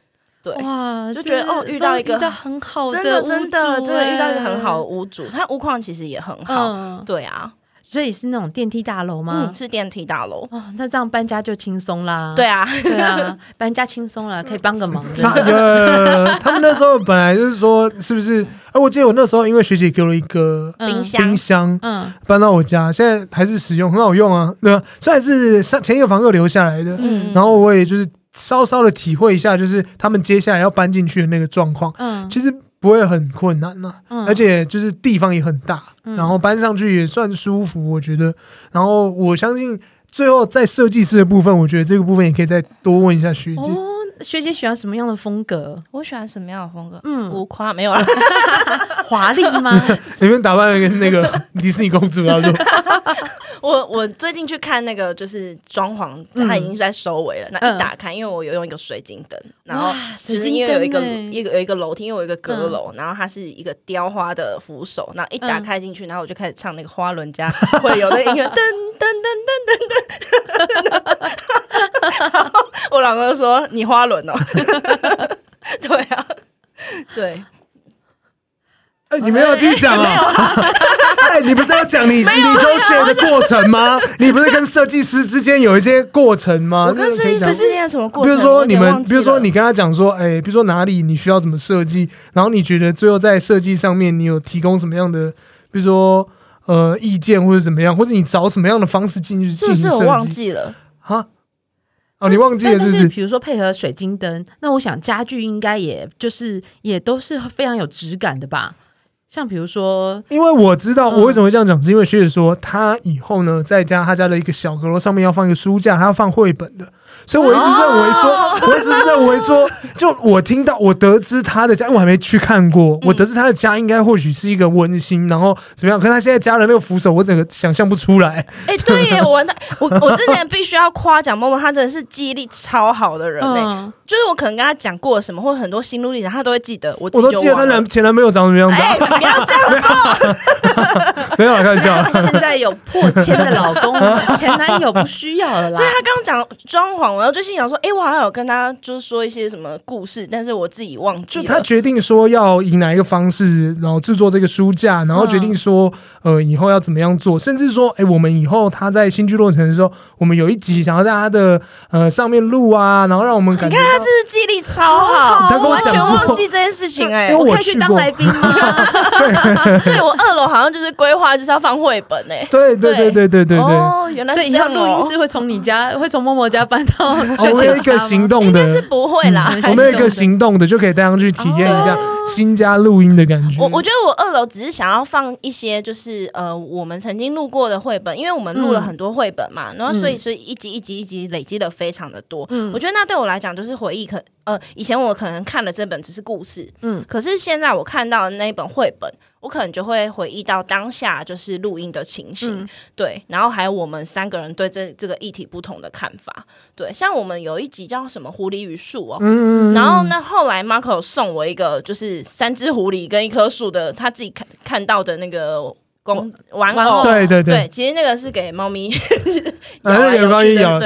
對，哇，就覺得哦，遇到一個到很好的，真的，真的，真的遇到一個很好的屋主，他屋況其實也很好、嗯，對啊，所以是那種電梯大樓嗎、嗯？是電梯大樓、哦、那這樣搬家就輕鬆啦，對啊，對啊， 搬家輕鬆了，可以幫個忙。差不多，嗯。他們那時候本來就是說，是不是、啊？我記得我那時候因為學姐給了一個冰箱，冰箱，嗯，搬到我家，嗯、現在還是使用，很好用啊，對啊，雖然是前一個房客留下來的、嗯，然後我也就是。稍稍的體會一下，就是他們接下來要搬進去的那個狀況，嗯，其實不會很困難吶、啊，嗯，而且就是地方也很大、嗯，然後搬上去也算舒服，我覺得。然後我相信最後在設計師的部分，我覺得這個部分也可以再多問一下學姐。哦。學姐喜歡什麼樣的風格？我喜歡什麼樣的風格？嗯。浮誇沒有了，華 麗麗嗎？隨 便打扮了一個那個迪士尼公主那種 我我最近去看那個就是裝潢，它已經是在收尾了、嗯。那一打開，因為我有用一個水晶燈，然後水晶因為、欸、有一個一個有一個樓梯，因為有一個閣樓、嗯，然後它是一個雕花的扶手，那一打開進去，然後我就開始唱那個花輪家會有那一個燈。嗯 噔噔噔噔噔， 我老公就說：“你花輪哦、喔， 對啊，對。欸”你沒有要繼續講啊、欸欸 欸！你不是要講你你抽血的過程嗎？你不是跟設計師之間有一些過程嗎？我跟設計師之間什麼過程？比如說你們，比如說你跟他講說，哎、欸，比如說哪裡你需要怎麼設計，然後你覺得最後在設計上面你有提供什麼樣的？比如說。呃，意見或者怎麼樣，或者你找什麼樣的方式進去進行？其實是我忘記了？哈，哦、嗯，你忘記了是不是？就是比如說配合水晶燈，那我想家具應該也就是也都是非常有質感的吧？像比如說，因為我知道我為什麼會這樣講，是、嗯、因為學姐說她以後呢，在家她家的一個小閣樓上面要放一個書架，她要放繪本的。所以我一直認為說、哦，我一直認為說，就我聽到我得知他的家，因為我還沒去看過。嗯、我得知他的家應該或許是一個溫馨，然後怎麼樣？可是他現在家人那個扶手，我整個想象不出來。哎、欸，對耶 我完蛋！我我之前必須要誇獎 Momo， Momo 他真的是記憶力超好的人嘞。嗯、就是我可能跟他講過什麼，或者很多心路歷程，他都會記得。我，我都記得他男前男朋友長什麼樣子。欸、 你不要這樣說，不要開玩笑， 一下。 一下 現在有破千的老公， 前男友不需要了。所以他剛剛，他剛剛講裝潢。我就心想說，哎、欸，我好像有跟他就是說一些什麼故事，但是我自己忘記了。他決定說要以哪一個方式，然後制作這個書架，然後決定說、嗯，呃，以後要怎麼樣做，甚至說，哎、欸，我們以後他在新居落成的時候，我們有一集想要在他的呃上面錄啊，然後讓我們感覺。你看他，這是記憶力超好,、哦好他我，我完全忘記這件事情、欸，哎，我可以去當來賓嗎？ 對，我二樓好像就是規劃就是要放繪本，哎，對對對對對對對，哦，原來所以他錄音室會從你家、嗯、會從默默家搬到。我有一個行動的，但是不會啦。我們有一個行動的，就可以帶上去體驗一下新家錄音的感覺。我我覺得我二樓只是想要放一些，就是呃，我們曾經錄過的繪本，因為我們錄了很多繪本嘛，嗯、然後所以所以一集一集一集累積的非常的多，嗯。我覺得那對我來講就是回憶可，可呃，以前我可能看了這本只是故事，嗯，可是現在我看到的那一本繪本，我可能就會回憶到當下就是錄音的情形、嗯，對，然後還有我們三個人對這這個議題不同的看法，對，像我們有一集叫什麼《狐狸與樹》哦、喔嗯嗯嗯，然後那後來 Marco 送我一個就是三隻狐狸跟一棵樹的，他自己看看到的那個。公玩偶，玩偶對對對，對，其實那個是給貓咪搖來給貓、啊、的，養，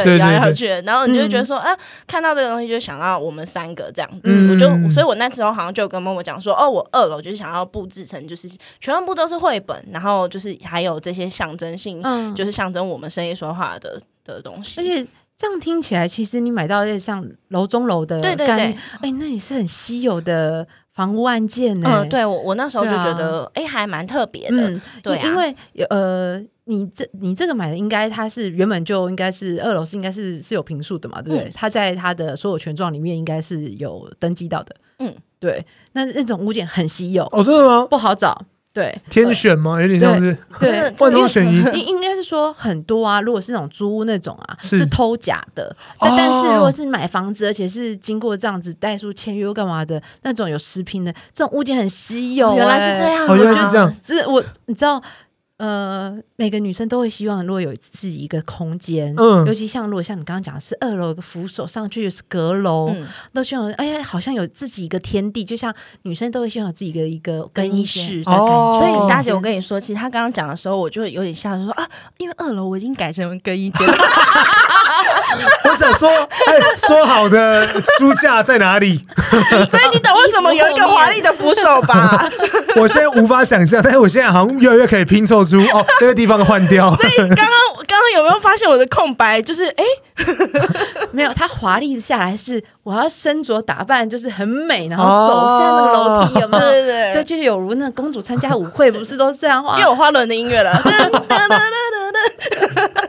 對去然後你就覺得說、嗯、啊，看到這個東西就想到我們三個這樣子。嗯、我就所以，我那時候好像就跟 Momo 講說，哦，我二樓就是想要布置成，就是全部都是繪本，然後就是還有這些象徵性、嗯，就是象徵我們深夜說繪話的的東西。而且這樣聽起來，其實你買到有點像樓中樓的感覺。哎、欸，那也是很稀有的。房屋案件呢、欸呃？對，我我那時候就覺得，啊、誒，還蠻特別的。嗯、對、啊，因為呃，你這你這個買的，應該它是原本就應該是二樓是應該是是有坪數的嘛，對不對？嗯、它在它的所有權狀裡面應該是有登記到的。嗯，對，那那種物件很稀有哦，真的嗎？不好找。對，天選嗎？有點像是，對，萬中選一、這個，應應該是說很多啊。如果是那種租屋那種啊，是,是偷假的。但、哦、但是如果是買房子，而且是經過這樣子代書簽約幹嘛的，那種有食品的，這種物件很稀有、欸哦。原來是這樣，哦、原來是這樣，我就是哦、這樣我,、就是啊、這我你知道。呃，每個女生都會希望如果有自己一個空間，嗯、尤其像如果像你剛剛講的是二樓有個扶手上去是閣樓，嗯、都希望哎呀，好像有自己一個天地，就像女生都會希望有自己的一,一個更衣室的感覺，哦、所以蝦姐，我跟你說，其實她剛剛講的時候，我就有點嚇到說啊，因為二樓我已經改成更衣間了。 我想說，哎、欸，說好的書架在哪裡？ 所以你懂為什麼有一個華麗的扶手吧？ 我現在無法想象，但是我現在好像越來越可以拼湊出哦，這個地方換掉。 所以剛剛剛剛有沒有發現我的空白？就是哎，欸、 沒有，它華麗的下來是我要身着打扮，就是很美，然後走下那個樓梯，哦，有沒有？對，對，對，對，就是有如那公主參加舞會 對對對，不是都是這樣畫？因為有花輪的音樂了。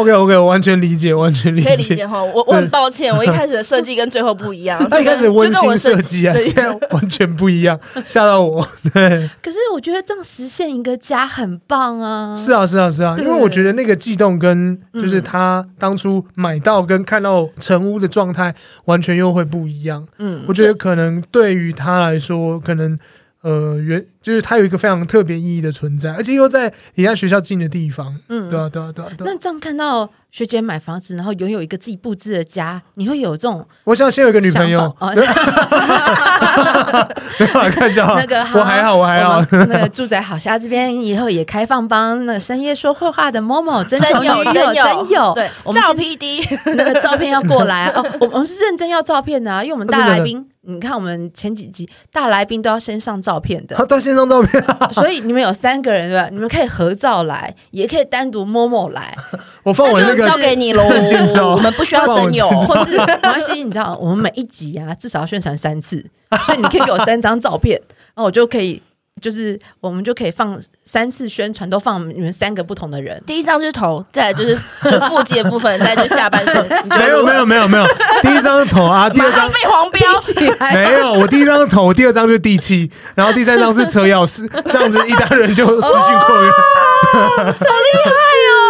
OK，OK，okay, okay, 我完全理解，完全理解。可以理解哈，我我很抱歉，我一開始的設計跟最後不一樣。 他一開始，溫馨設計啊，這些完全不一樣，嚇 到我。對。可是我覺得這樣實現一個家很棒啊！是啊，是啊，是啊，因為我覺得那個悸動跟就是他當初買到跟看到成屋的狀態完全又會不一樣。嗯，我覺得可能對於他來說，可能。呃，原就是它有一個非常特別意義的存在，而且又在離家學校近的地方。嗯，對啊，對啊，對啊。啊、那這樣看到學姐買房子，然後擁有一個自己布置的家，你會有這種……我想先有個女朋友、哦。哈對。哈哈哈！開玩笑， 那個好我還好，我還好,好。那個住宅好瞎這邊以後也開放幫那深夜說繪話的 Momo 真誠女友真有, 真有,真有對照片的那個照片要過來啊。 哦，我們是認真要照片的、啊，因為我們大來賓、哦。你看，我們前幾集大來賓都要先上照片的，他都要先上照片啊。所以你們有三個人對吧？你們可以合照來，也可以單獨 Momo 來。我放我那個，交給你嘍。我 們不需要友我真友，或是沒關係，你知道，我們每一集啊，至少要宣傳三次，所以你可以給我三張照片， 然後我就可以。就是我們就可以放三次宣傳，都放我們你們三個不同的人。第一張就是頭，再就是做腹肌的部分，再 就下半身。沒有沒有沒有沒有。第一張是頭啊，第二張被黃標。沒有，我第一張是頭，我第二張是第七，然後第三張是車鑰匙， 這樣子一家人就失去控了。好厲害哦！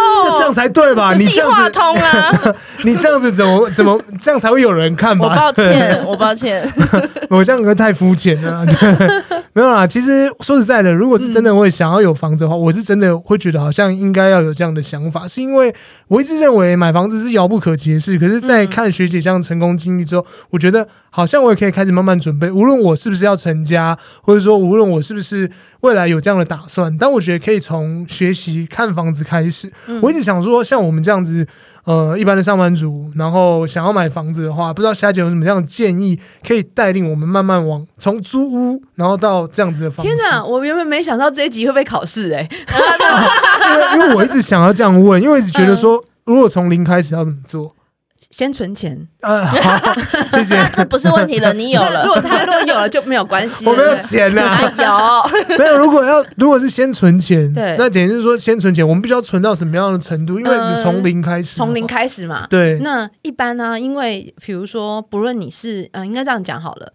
才對吧？你這樣子，通啊、呵呵你這樣子怎麼怎麼這樣才會有人看吧？我抱歉，我抱歉， 我這樣子太膚淺了、啊對。沒有啦，其實說實在的，如果是真的，我也想要有房子的話，嗯、我是真的會覺得好像應該要有這樣的想法，是因為我一直認為買房子是遙不可及的事。可是，在看學姐這樣成功經歷之後，我覺得。好像我也可以開始慢慢準備，無論我是不是要成家，或者說無論我是不是未來有這樣的打算，但我覺得可以從學習看房子開始。嗯、我一直想說，像我們這樣子，呃，一般的上班族，然後想要買房子的話，不知道蝦姐有什麼樣的建議，可以帶領我們慢慢往從租屋，然後到這樣子的房子。天哪，我原本沒想到這一集會被考試哎、欸 啊，因為因為我一直想要這樣問，因為我一直覺得說，如果從零開始要怎麼做。先存錢、呃謝謝，那這不是問題了，你有了。 如果他如果有了就沒有關係。 我沒有錢吶、啊，有 沒有？如果要，如果是先存錢，對， 那簡直就是說先存錢，我們必須要存到什麼樣的程度？因為你從零開始，從、呃、零開始嘛。對，那一般呢、啊？因為比如說，不論你是，嗯、呃，應該這樣講好了，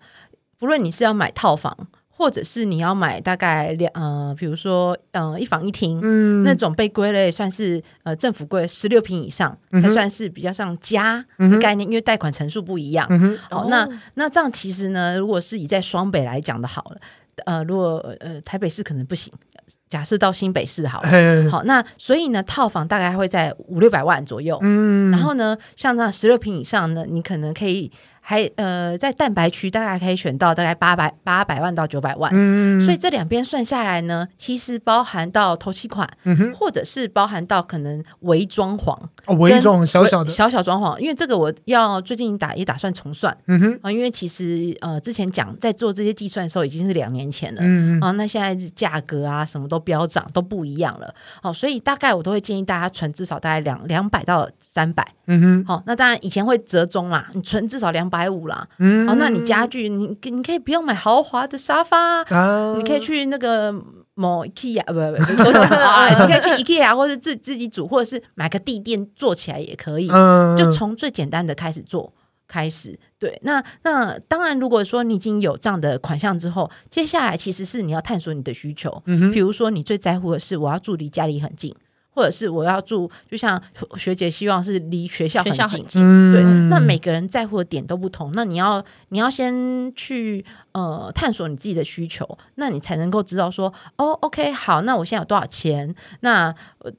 不論你是要買套房。或者是你要買大概兩呃，比如說呃一房一廳、嗯、那種被歸類算是呃政府規十六坪以上才算是比較像家的概念，嗯、因為貸款成數不一樣。好、嗯哦哦，那那這樣其實呢，如果是以在雙北來講的好了，呃，如果呃台北市可能不行，假設到新北市好了嘿嘿，好那所以呢，套房大概會在五六百萬左右。嗯，然後呢，像這樣十六坪以上呢，你可能可以。還呃，在蛋白區大概可以選到大概八百八百萬到九百萬，嗯,嗯,嗯所以這兩邊算下來呢，其實包含到頭期款，嗯哼，或者是包含到可能微裝潢，哦，微裝小小的小小裝潢，因為這個我要最近打也打算重算，嗯哼，啊，因為其實呃，之前講在做這些計算的時候已經是兩年前了，嗯哼啊，那現在價格啊什麼都飆漲，都不一樣了，好、啊，所以大概我都會建議大家存至少大概兩兩百到三百，嗯哼、啊，那當然以前會折中啦，你存至少兩百。百五啦，哦，那你家具，你你可以不用買豪華的沙發，呃，你可以去那個某 IKEA，不不，我講啊， 你可以去 IKEA 或是自自己組，或者是買個地墊坐起來也可以，呃、就從最簡單的開始做，開始，對，那那當然，如果說你已經有這樣的款項之後，接下來其實是你要探索你的需求，比、嗯、如說你最在乎的是我要住離家裡很近。或者是我要住，就像學姐希望是離學,學校很近，對。嗯、那每個人在乎的點都不同，那你要你要先去呃探索你自己的需求，那你才能夠知道說，哦，OK，好，那我現在有多少錢？那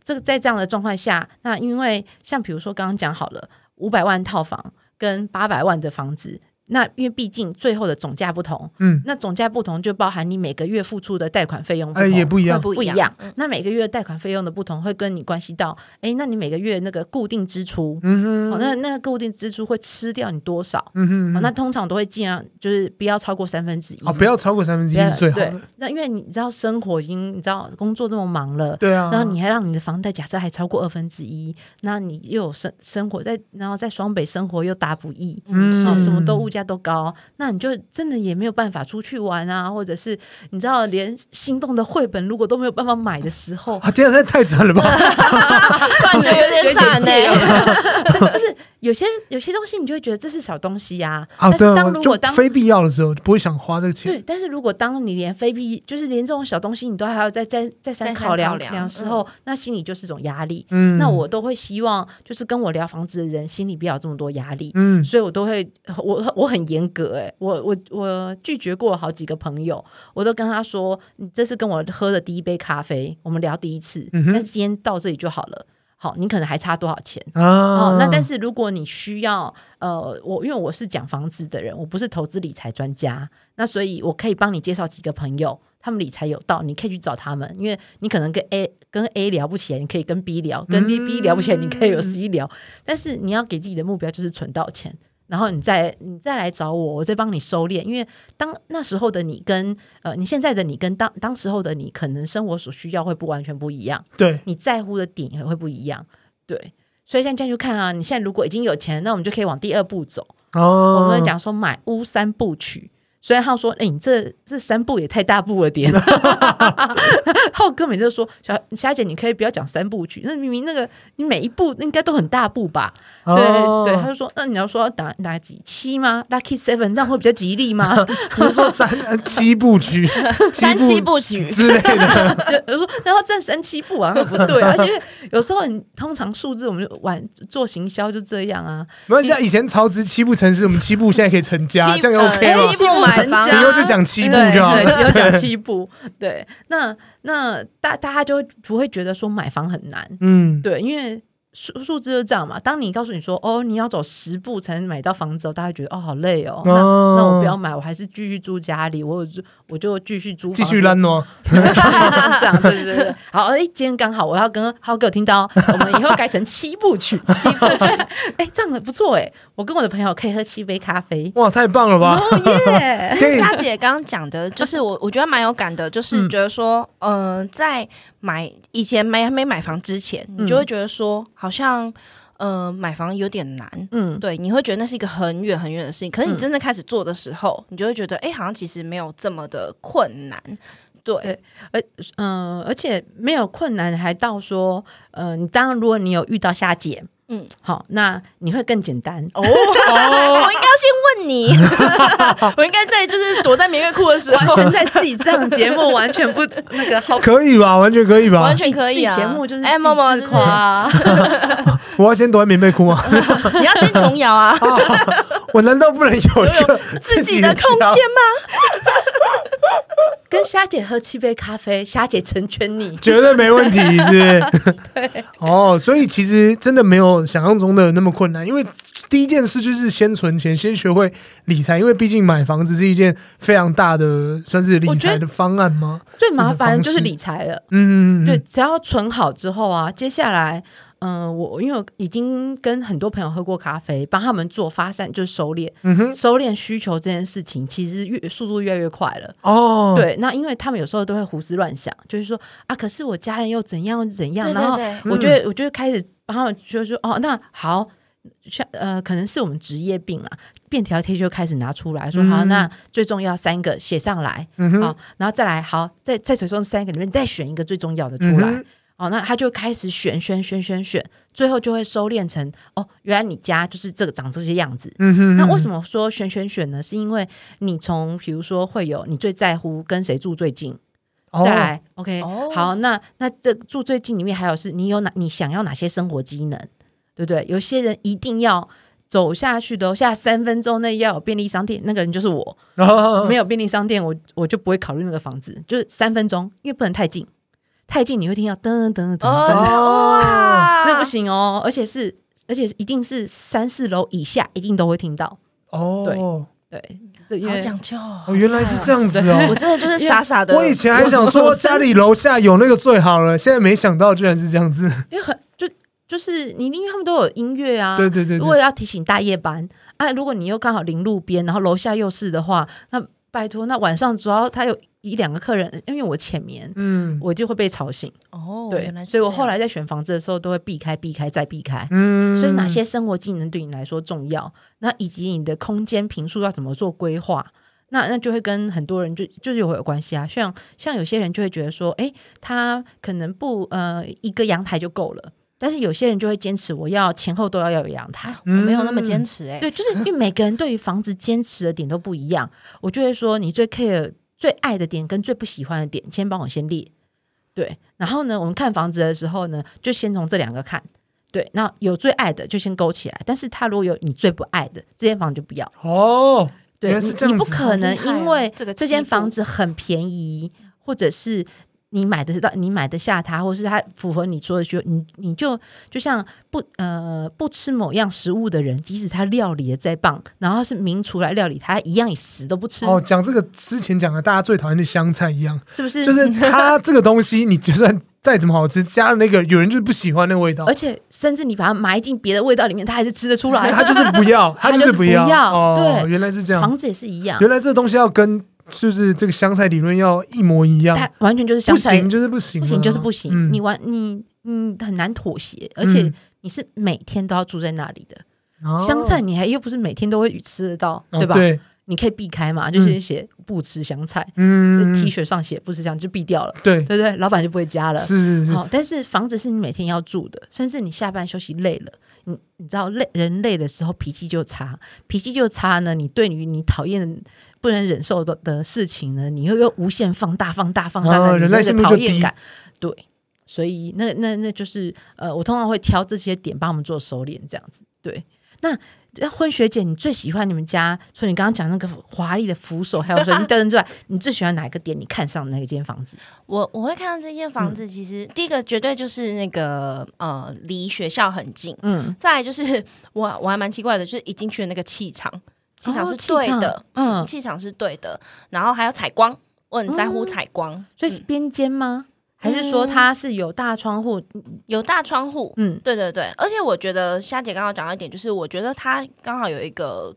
這個在這樣的狀況下，那因為像比如說剛剛講好了五百萬套房跟八百萬的房子。那因為畢竟最後的總價不同，嗯，那總價不同就包含你每個月付出的貸款費用，哎、欸，也不一，不一樣，不一樣。那每個月貸款費用的不同會跟你關係到，哎、欸，那你每個月那個固定支出，嗯哼，哦，那個、那個、固定支出會吃掉你多少？嗯哼嗯，哦，那通常都會盡量、啊、就是不要超過三分之一，啊、哦，不要超過三分之一是最好的。那因為你知道生活已經，你知道工作這麼忙了，對啊，然後你還讓你的房貸假設還超過二分之一，那你又有生生活在，然後在雙北生活又大不易，嗯，什麼都物價價都高，那你就真的也沒有辦法出去玩啊，或者是你知道，連心動的繪本如果都沒有辦法買的時候，啊，這樣子太慘了吧，感 覺 有點慘呢。 就是有些有些東西你就會覺得這是小東西呀，啊啊，但是當如果當非必要的時候，不會想花這個錢，對，但是如果當你連非必就是連這種小東西你都還要再再再三考量的時候，嗯，那心裡就是這種壓力，嗯，那我都會希望就是跟我聊房子的人心裡不要有這麼多壓力，嗯，所以我都會我我。我會很嚴格誒、欸，我我我拒絕過好幾個朋友，我都跟他說：“你這是跟我喝的第一杯咖啡，我們聊第一次，嗯、但是今天到這裡就好了。”好，你可能還差多少錢、哦哦、那但是如果你需要，呃，我因為我是講房子的人，我不是投資理財專家，那所以我可以幫你介紹幾個朋友，他們理財有道，你可以去找他們。因為你可能跟 A 跟 A 聊不起來，你可以跟 B 聊，跟 B B 聊不起來、嗯，你可以有 C 聊。但是你要給自己的目標就是存到錢。然後你再你再來找我，我再幫你收斂。因為當那時候的你跟呃，你現在的你跟當當時候的你，可能生活所需要會不完全不一樣。對，你在乎的點也會不一樣。對，所以現在就看啊，你現在如果已經有錢，那我們就可以往第二步走。哦，我們會講說買屋三部曲。雖然他說：“哎、欸，你這這三步也太大步了點。 ”浩 根本就說：“小霞姐，你可以不要講三部曲，那明明那個你每一步應該都很大步吧？”哦、對,對對，他就說：“那你要說要打打幾七嗎？Lucky Seven 這樣會比較吉利嗎？”他 說三：“七七 三七部曲，三七部曲之類的。”比如說，然後站三七步啊，不對、啊， 而且因為有時候你通常數字，我們就玩做行銷就這樣啊。沒關係、欸，以前曹植七步成詩，我們七步現在可以成家，這樣也 OK 嘛。欸七買房啊、以後就講七,七步， 對，有講七步，對，那那大大家就不會覺得說買房很難，嗯，對，因為數數字就是這樣嘛。當你告訴你說，哦，你要走十步才能買到房子，大家覺得，哦，好累哦，那哦那我不要買，我還是繼續住家裡，我有住。我就繼續租，繼續拉哦。 這樣對，對對對，好哎，今天剛好我要跟浩哥聽到，我們以後改成七部曲， 七部曲，哎，這樣很不錯哎，我跟我的朋友可以喝七杯咖啡，哇，太棒了吧，耶、oh yeah！其實蝦姐剛剛講的，就是我我覺得蠻有感的，就是覺得說，嗯，呃、在買以前沒還沒買房之前、嗯，你就會覺得說，好像。呃，買房有點難，嗯，對，你會覺得那是一個很遠很遠的事情。可是你真正開始做的時候，嗯，你就會覺得，哎、欸，好像其實沒有這麼的困難，對，而、欸、嗯、呃，而且沒有困難還到說，呃，你當然如果你有遇到蝦姐。嗯，好，那你會更簡單哦。哦 我應該要先問你， 我應該在就是躲在棉被哭的時候，完全在自己這樣節目，完全不那個好，可以吧？完全可以吧？完全可以啊！欸、節目就是自己自己自己哎，Momo 誇我要先躲在棉被哭嗎？ 你要先瓊瑤啊。 啊啊啊我難道不能有一個自己，有有自己的空間嗎？ 跟蝦姐喝七杯咖啡，蝦姐成全你，絕對沒問題，是不是？對。 哦，所以其實真的沒有想象中的那麼困難，因為第一件事就是先存錢，先學會理財，因為畢竟買房子是一件非常大的，算是理財的方案嗎？最麻煩的就是理財了。嗯，嗯，嗯，對，只要存好之後啊，接下來。嗯，我因為我已經跟很多朋友喝過咖啡，幫他們做發散就是收斂、嗯，收斂需求這件事情，其實越速度越來越快了。哦，對，那因為他們有時候都會胡思亂想，就是說啊，可是我家人又怎樣又怎樣，對對對，然後我就、嗯、我就開始幫他們就是說哦，那好，像呃，可能是我們職業病啦，便條貼就開始拿出來說好，那最重要三個寫上來，嗯好然後再來好，再再從三個裡面再選一個最重要的出來。嗯哦，那他就開始選選選選選，最後就會收斂成哦，原來你家就是這個長這些樣子。嗯哼嗯哼，那為什麼說選選選呢？是因為你從比如說會有你最在乎跟誰住最近，哦、再來 OK、哦。好，那那這住最近裡面還有是你有哪你想要哪些生活機能，對不對？有些人一定要走下去的、哦，樓下三分鐘內要有便利商店，那個人就是我。哦哦、沒有便利商店，我我就不會考慮那個房子，就是三分鐘，因為不能太近。太近你會聽到噔噔噔噔噔， 那不行哦，oh. 而且是而且一定是三四樓以下一定都會聽到。哦，對、oh. 對，好講究好好哦，原來是這樣子哦，我真的就是傻傻的。我以前還想說家裡樓下有那個最好了， 現在沒想到居然是這樣子。因為很就就是你，因為他們都有音樂啊。對對對，對。如果要提醒大夜班，啊，如果你又剛好臨路邊，然後樓下又是的話，那拜托，那晚上主要它有。一兩個客人，因為我淺眠，嗯，我就會被吵醒，哦，對，原來，所以我後來在選房子的時候都會避開、避開再避開，嗯，所以哪些生活技能對你來說重要，那以及你的空間坪數要怎麼做規劃，那那就會跟很多人就就是有有關係啊，像像有些人就會覺得說，誒、欸，他可能不呃一個陽台就夠了，但是有些人就會堅持我要前後都要要有陽台，啊，我沒有那麼堅持、欸嗯，對，就是因為每個人對於房子堅持的點都不一樣， 我就會說你最 care。最愛的點跟最不喜歡的點，先幫我先列，對。然後呢，我們看房子的時候呢，就先從這兩個看，對。那有最愛的就先勾起來，但是他如果有你最不愛的，這間房就不要哦。對，你不可能因為這、啊、這間房子很便宜，這個、或者是。你買得到，你買得下它，或是它符合你說的就你，你就就像不呃不吃某樣食物的人，即使他料理的再棒，然後是名廚來料理，他一樣也死都不吃。哦，講這個之前講的大家最討厭的香菜一樣，是不是？就是它這個東西， 你就算再怎麼好吃，加的那個有人就是不喜歡那個味道，而且甚至你把它埋進別的味道裡面，他還是吃得出來。 他，就他就是不要，他就是不要。哦，對，原來是這樣。房子也是一樣。原來這個東西要跟。就是，是這個香菜理論要一模一樣，完全就是香菜不行就是不行，不行就是不行。嗯、你完你你很難妥協，而且你是每天都要住在那裡的，嗯、香菜你還又不是每天都會吃得到，哦、對吧？對你可以避開嘛，就寫、是、寫不吃香菜，嗯，T 恤上寫不吃香菜就避掉了，嗯、對對對，老闆就不會加了，是是是。好，但是房子是你每天要住的，甚至你下班休息累了，你你知道累人累的時候脾氣就差，脾氣就差呢。你對於你討厭的。不能忍受的的事情呢，你又又無限放大、放大、放大、哦，人類的討厭感。對，所以那那那就是呃，我通常會挑這些點幫我們做收斂，這樣子。對，那昏學姊，你最喜歡你們家，除了你剛剛講那個華麗的扶手，還有說你等人之外， 你最喜歡哪一個點？你看上哪一間房子？我我會看到這間房子，其實、嗯、第一個絕對就是那個呃，離學校很近。嗯，再來就是我我還蠻奇怪的，就是一進去的那個氣場。氣場是對的，哦、嗯，氣場是對的，然後還有採光，我很在乎採光、嗯嗯，所以是邊間嗎、嗯？還是說它是有大窗戶、嗯？有大窗戶，嗯，對對對，而且我覺得蝦姐剛剛講到一點，就是我覺得它剛好有一個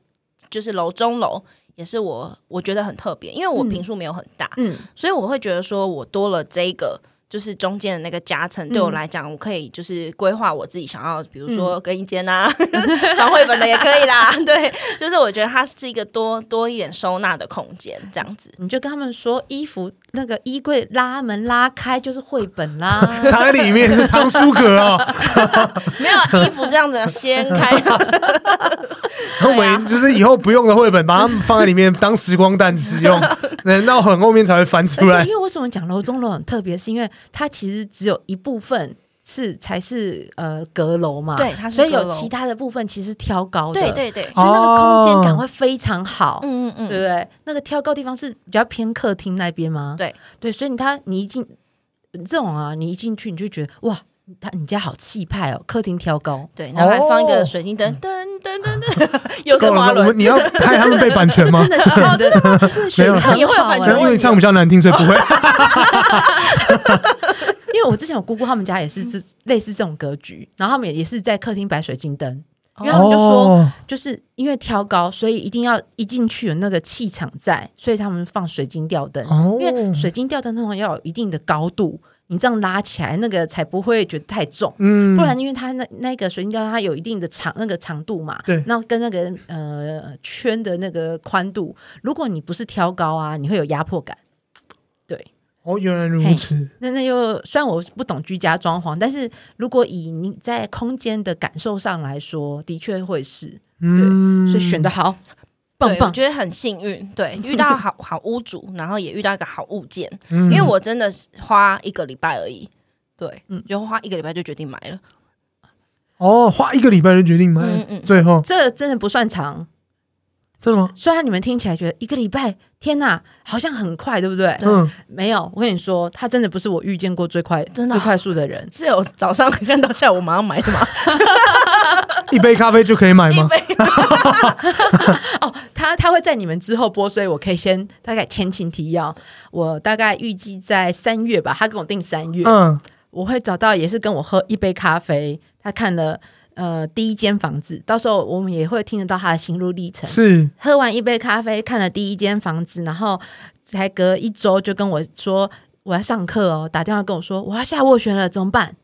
就是樓中樓，也是我我覺得很特別，因為我坪數沒有很大，嗯，所以我會覺得說我多了這一個。就是中間的那個夾層，對我來講、嗯，我可以就是規劃我自己想要的，比如說更衣間啊放繪、嗯、 本的也可以啦。 對，就是我覺得它是一個多多一點收納的空間，這樣子你就跟他們說，衣服那個衣櫃拉門拉開就是繪本啦，藏 在裡面是藏書閣哦、喔。 沒有衣服這樣子掀開好了，我 面、啊、就是以後不用的繪本，把它放在裡面， 當時光彈使用，等到很後面才會翻出來。因為為什麼講樓中樓很特別，是因為。它其實只有一部分是才是呃閣樓嘛，對，它是閣樓，所以有其他的部分其實是挑高的，對對對，所以那個空間感會非常好，嗯嗯嗯，對不對？嗯嗯、那個挑高的地方是比較偏客廳那邊嗎？對對，所以它你一進這種啊，你一進去你就覺得哇。他，你家好氣派哦！客廳挑高，對，然後還放一個水晶燈，燈燈燈燈，有唱花輪我們，你要怕他們被版權嗎？ 真的 是，是真的的、啊，真的現場也會有版權，因為唱比較難聽，所以不會。哦、 因為我之前我姑姑他們家也是這類似這種格局，然後他們也是在客廳擺水晶燈，因為他們就說，就是因為挑高，所以一定要一進去有那個氣場在，所以他們放水晶吊燈，哦、因為水晶吊燈通常要有一定的高度。你這樣拉起來，那個才不會覺得太重。嗯，不然因為它那那個水晶膠它有一定的長那個長度嘛。對。那跟那個呃圈的那個寬度，如果你不是挑高啊，你會有壓迫感。對。哦，原來如此。Hey, 那那又雖然我不懂居家裝潢，但是如果以你在空間的感受上來說，的確會是。嗯。對，所以選得好。棒棒對，我覺得很幸運，對，遇到好好屋主， 然後也遇到一個好物件，因為我真的是花一個禮拜而已，對，嗯、就花一個禮拜就決定買了。哦，花一個禮拜就決定買，嗯嗯，最後這真的不算長。真的嗎？雖然你們聽起來覺得一個禮拜，天哪，好像很快，對不對？嗯，沒有，我跟你說，他真的不是我遇見過最快、最快速的人，是有早上看到下午馬上買什麼 一杯咖啡就可以買嗎？ 哦，他他會在你們之後播，所以我可以先大概前情提要。我大概預計在三月吧，他跟我定三月，嗯，我會找到也是跟我喝一杯咖啡，他看了，呃，第一間房子，到時候我們也會聽得到他的心路歷程。是，喝完一杯咖啡，看了第一間房子，然後才隔一周就跟我說我要上課哦，打電話跟我說我要下斡旋了，怎麼辦？啊？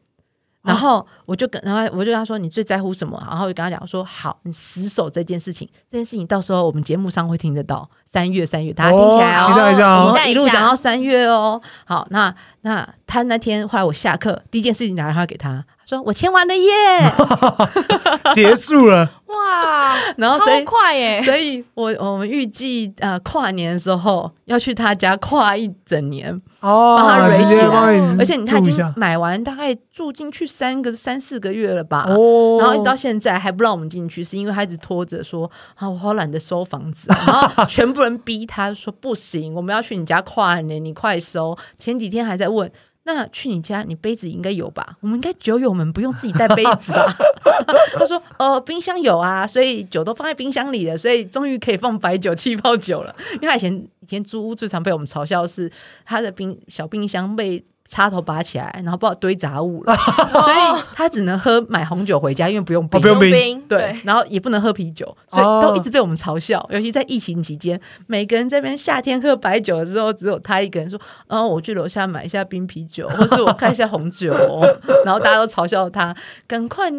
然後我就跟，然後我就跟他說你最在乎什麼？然後我就跟他講我說好，你死守這件事情，這件事情到時候我們節目上會聽得到。三月，三月，大家聽起來哦，期待一下哦，一路講到三月哦。好，那那他那天後來我下課第一件事情拿了他給他。說我簽完了耶 ，結束了 哇 然後所以！超快哎、欸，所以我我們預計呃跨年的時候要去他家跨一整年哦，幫他圍起來，而且他已經買完，大概住進去三個三四個月了吧、哦。然後到現在還不讓我們進去，是因為他一直拖着說啊，我好懶得收房子， 然後全部人逼他說不行，我們要去你家跨年，你快收。前幾天還在問。那去你家，你杯子應該有吧？我們應該酒友們不用自己帶杯子吧？ 他說：“呃，冰箱有啊，所以酒都放在冰箱裡了，所以終於可以放白酒、氣泡酒了。 因為他以前以前租屋最常被我們嘲笑是他的冰小冰箱被。”插頭拔起來，然後不好堆雜物了，哦，所以他只能喝買紅酒回家，因為不用冰，哦，不用冰對，對，然後也不能喝啤酒，所以都一直被我們嘲笑，哦。尤其在疫情期間，每個人這邊夏天喝白酒的時候，只有他一個人說：“啊，哦，我去樓下買一下冰啤酒，或是我看一下紅酒，哦。 ”然後大家都嘲笑他，趕快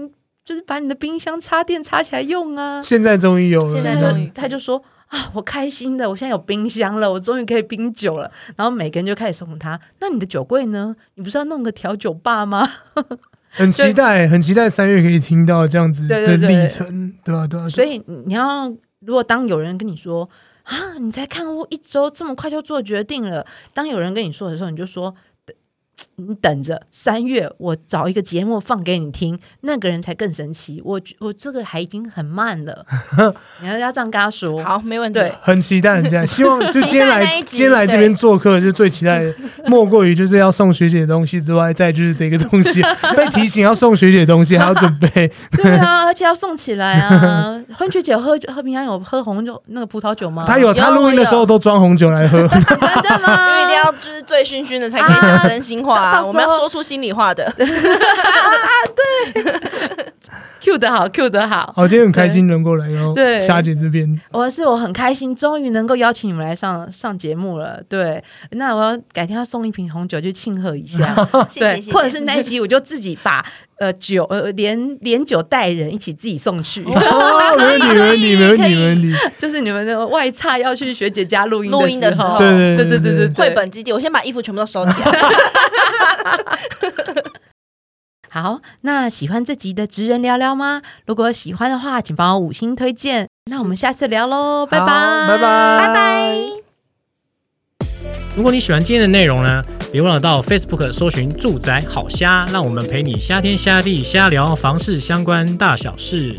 就是把你的冰箱插電插起來用啊！現在終於有了，現在終於他就說。啊！我開心的，我現在有冰箱了，我終於可以冰酒了。然後每個人就開始送他。那你的酒櫃呢？你不是要弄個調酒吧嗎？ 很期待， 很期待三月可以聽到這樣子的歷程，對吧、對啊？對啊。所以你要，如果當有人跟你說啊，你才看過一周，這麼快就做決定了。當有人跟你說的時候，你就說。你等着，三月我找一個節目放給你聽，那個人才更神奇。我我這個還已經很慢了，你要要這樣跟他說。好，沒問題。 很期待，很期待。希望就今天來今天來這邊做客，就最期待的莫過於就是要送學姐的東西之外，再就是這個東西 被提醒要送學姐的東西，還 要準備。 對啊，而且要送起來啊！ 昏學姐喝喝平常有喝紅酒那個葡萄酒嗎？他有，有他錄音的時候都裝紅酒來喝。 真的嗎？因為一定要就是醉醺醺的才可以講真心話 啊、我們要說出心裡話的。 啊啊、對。 cue 得好，cue 得好，的好。哦，今天很開心能夠來哦。對，蝦姐這邊，我是我很開心，終於能夠邀請你們來上上節目了。對，那我改天要送一瓶紅酒，就慶賀一下。 對，謝謝謝謝，或者是那一集我就自己把呃酒呃連連酒帶人一起自己送去。沒問題，沒問題，沒問題，沒問題，你就是你們的外差要去學姐家錄音錄音的時候，對對對對對、對、對、對，繪本基地，我先把衣服全部都收起來。 好，那喜歡這集的職人聊聊嗎？如果喜歡的話，請幫我五星推薦。那我們下次聊嘍，拜拜拜拜拜拜！如果你喜歡今天的內容呢，別忘了到 Facebook 搜尋“住宅好瞎”，讓我們陪你瞎天瞎地瞎聊房事相關大小事。